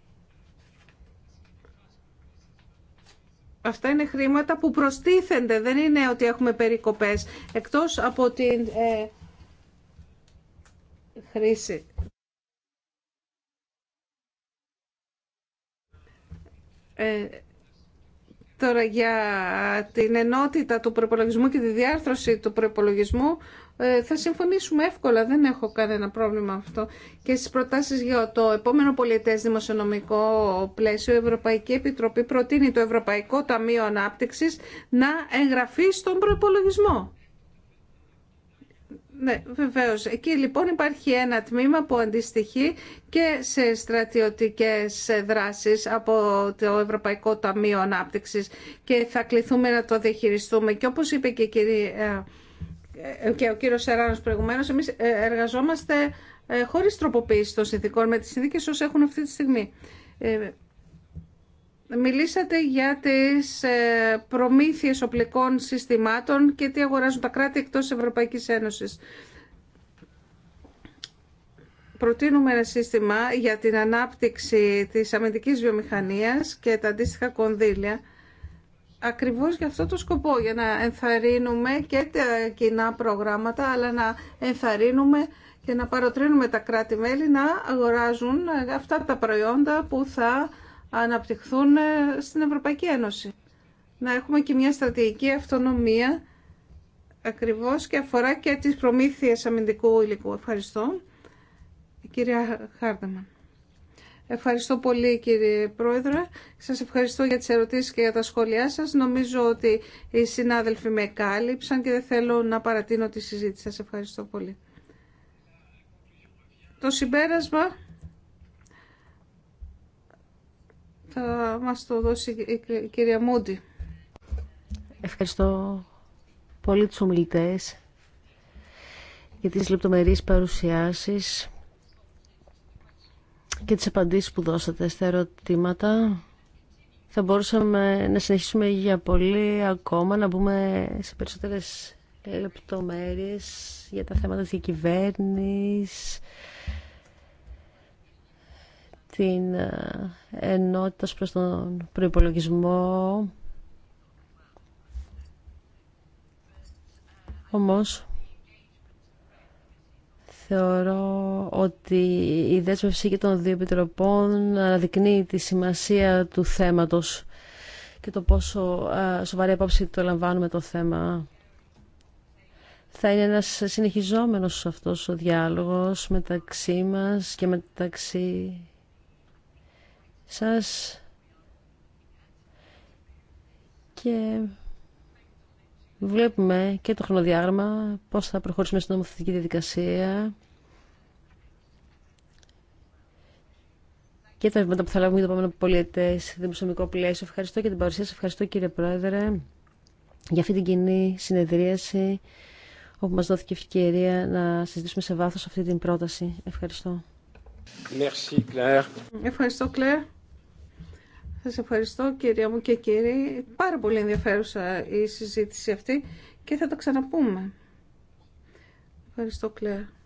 Αυτά είναι χρήματα που προστίθενται, δεν είναι ότι έχουμε περικοπές, εκτός από την ε, χρήση. Ε, τώρα για την ενότητα του προπολογισμού και τη διάρθρωση του προπολογισμού ε, θα συμφωνήσουμε εύκολα, δεν έχω κανένα πρόβλημα αυτό. Και στις προτάσεις για το επόμενο πολιτές δημοσιονομικό πλαίσιο, η Ευρωπαϊκή Επιτροπή προτείνει το Ευρωπαϊκό Ταμείο Ανάπτυξης να εγγραφεί στον προπολογισμό. Ναι, βεβαίως. Εκεί λοιπόν υπάρχει ένα τμήμα που αντιστοιχεί και σε στρατιωτικές δράσεις από το Ευρωπαϊκό Ταμείο Ανάπτυξης και θα κληθούμε να το διαχειριστούμε. Και όπως είπε και, ε, ε, και ο κύριος Σεράνος προηγουμένως, εμείς ε, εργαζόμαστε χωρίς τροποποίηση των συνθήκων με τις συνθήκες όσες έχουν αυτή τη στιγμή. Μιλήσατε για τις ε, προμήθειες οπλικών συστημάτων και τι αγοράζουν τα κράτη εκτός Ευρωπαϊκής Ένωσης. Προτείνουμε ένα σύστημα για την ανάπτυξη της αμυντικής βιομηχανίας και τα αντίστοιχα κονδύλια. Ακριβώς για αυτό το σκοπό, για να ενθαρρύνουμε και τα κοινά προγράμματα, αλλά να ενθαρρύνουμε και να παροτρύνουμε τα κράτη-μέλη να αγοράζουν αυτά τα προϊόντα που θα αναπτυχθούν ε, στην Ευρωπαϊκή Ένωση. Να έχουμε και μια στρατηγική αυτονομία ακριβώς και αφορά και τις προμήθειες αμυντικού υλικού. Ευχαριστώ. Κυρία Χάρδεμα. Ευχαριστώ πολύ κύριε Πρόεδρε. Σας ευχαριστώ για τις ερωτήσεις και για τα σχόλιά σας. Νομίζω ότι οι συνάδελφοι με κάλυψαν και δεν θέλω να παρατείνω τη συζήτηση. Σας ευχαριστώ πολύ. Το συμπέρασμα θα μας το δώσει η κυρία Μούντι. Ευχαριστώ πολύ τους ομιλητές για τις λεπτομερείς παρουσιάσεις και τις απαντήσεις που δώσατε στα ερωτήματα. Θα μπορούσαμε να συνεχίσουμε για πολύ ακόμα, να μπούμε σε περισσότερες λεπτομέρειες για τα θέματα της κυβέρνηση την ε, ενότητα προς τον προϋπολογισμό. Όμως, θεωρώ ότι η δέσμευση και των δύο επιτροπών αναδεικνύει τη σημασία του θέματος και το πόσο ε, σοβαρή απόψη το λαμβάνουμε το θέμα. Θα είναι ένας συνεχιζόμενος αυτός ο διάλογος μεταξύ μας και μεταξύ σας και βλέπουμε και το χρονοδιάγραμμα πώς θα προχωρήσουμε στην νομοθετική διαδικασία και τα βήματα που θα λάβουμε για το επόμενο πολιετές δημοσιομικό πλαίσιο. Ευχαριστώ για την παρουσία σας. Ευχαριστώ κύριε Πρόεδρε για αυτή την κοινή συνεδρίαση όπου μας δόθηκε ευκαιρία να συζητήσουμε σε βάθος αυτή την πρόταση. Ευχαριστώ. Merci, Claire. Ευχαριστώ, Claire. Σας ευχαριστώ κυρία μου και κύριοι. Πάρα πολύ ενδιαφέρουσα η συζήτηση αυτή και θα τα ξαναπούμε. Ευχαριστώ Κλέα.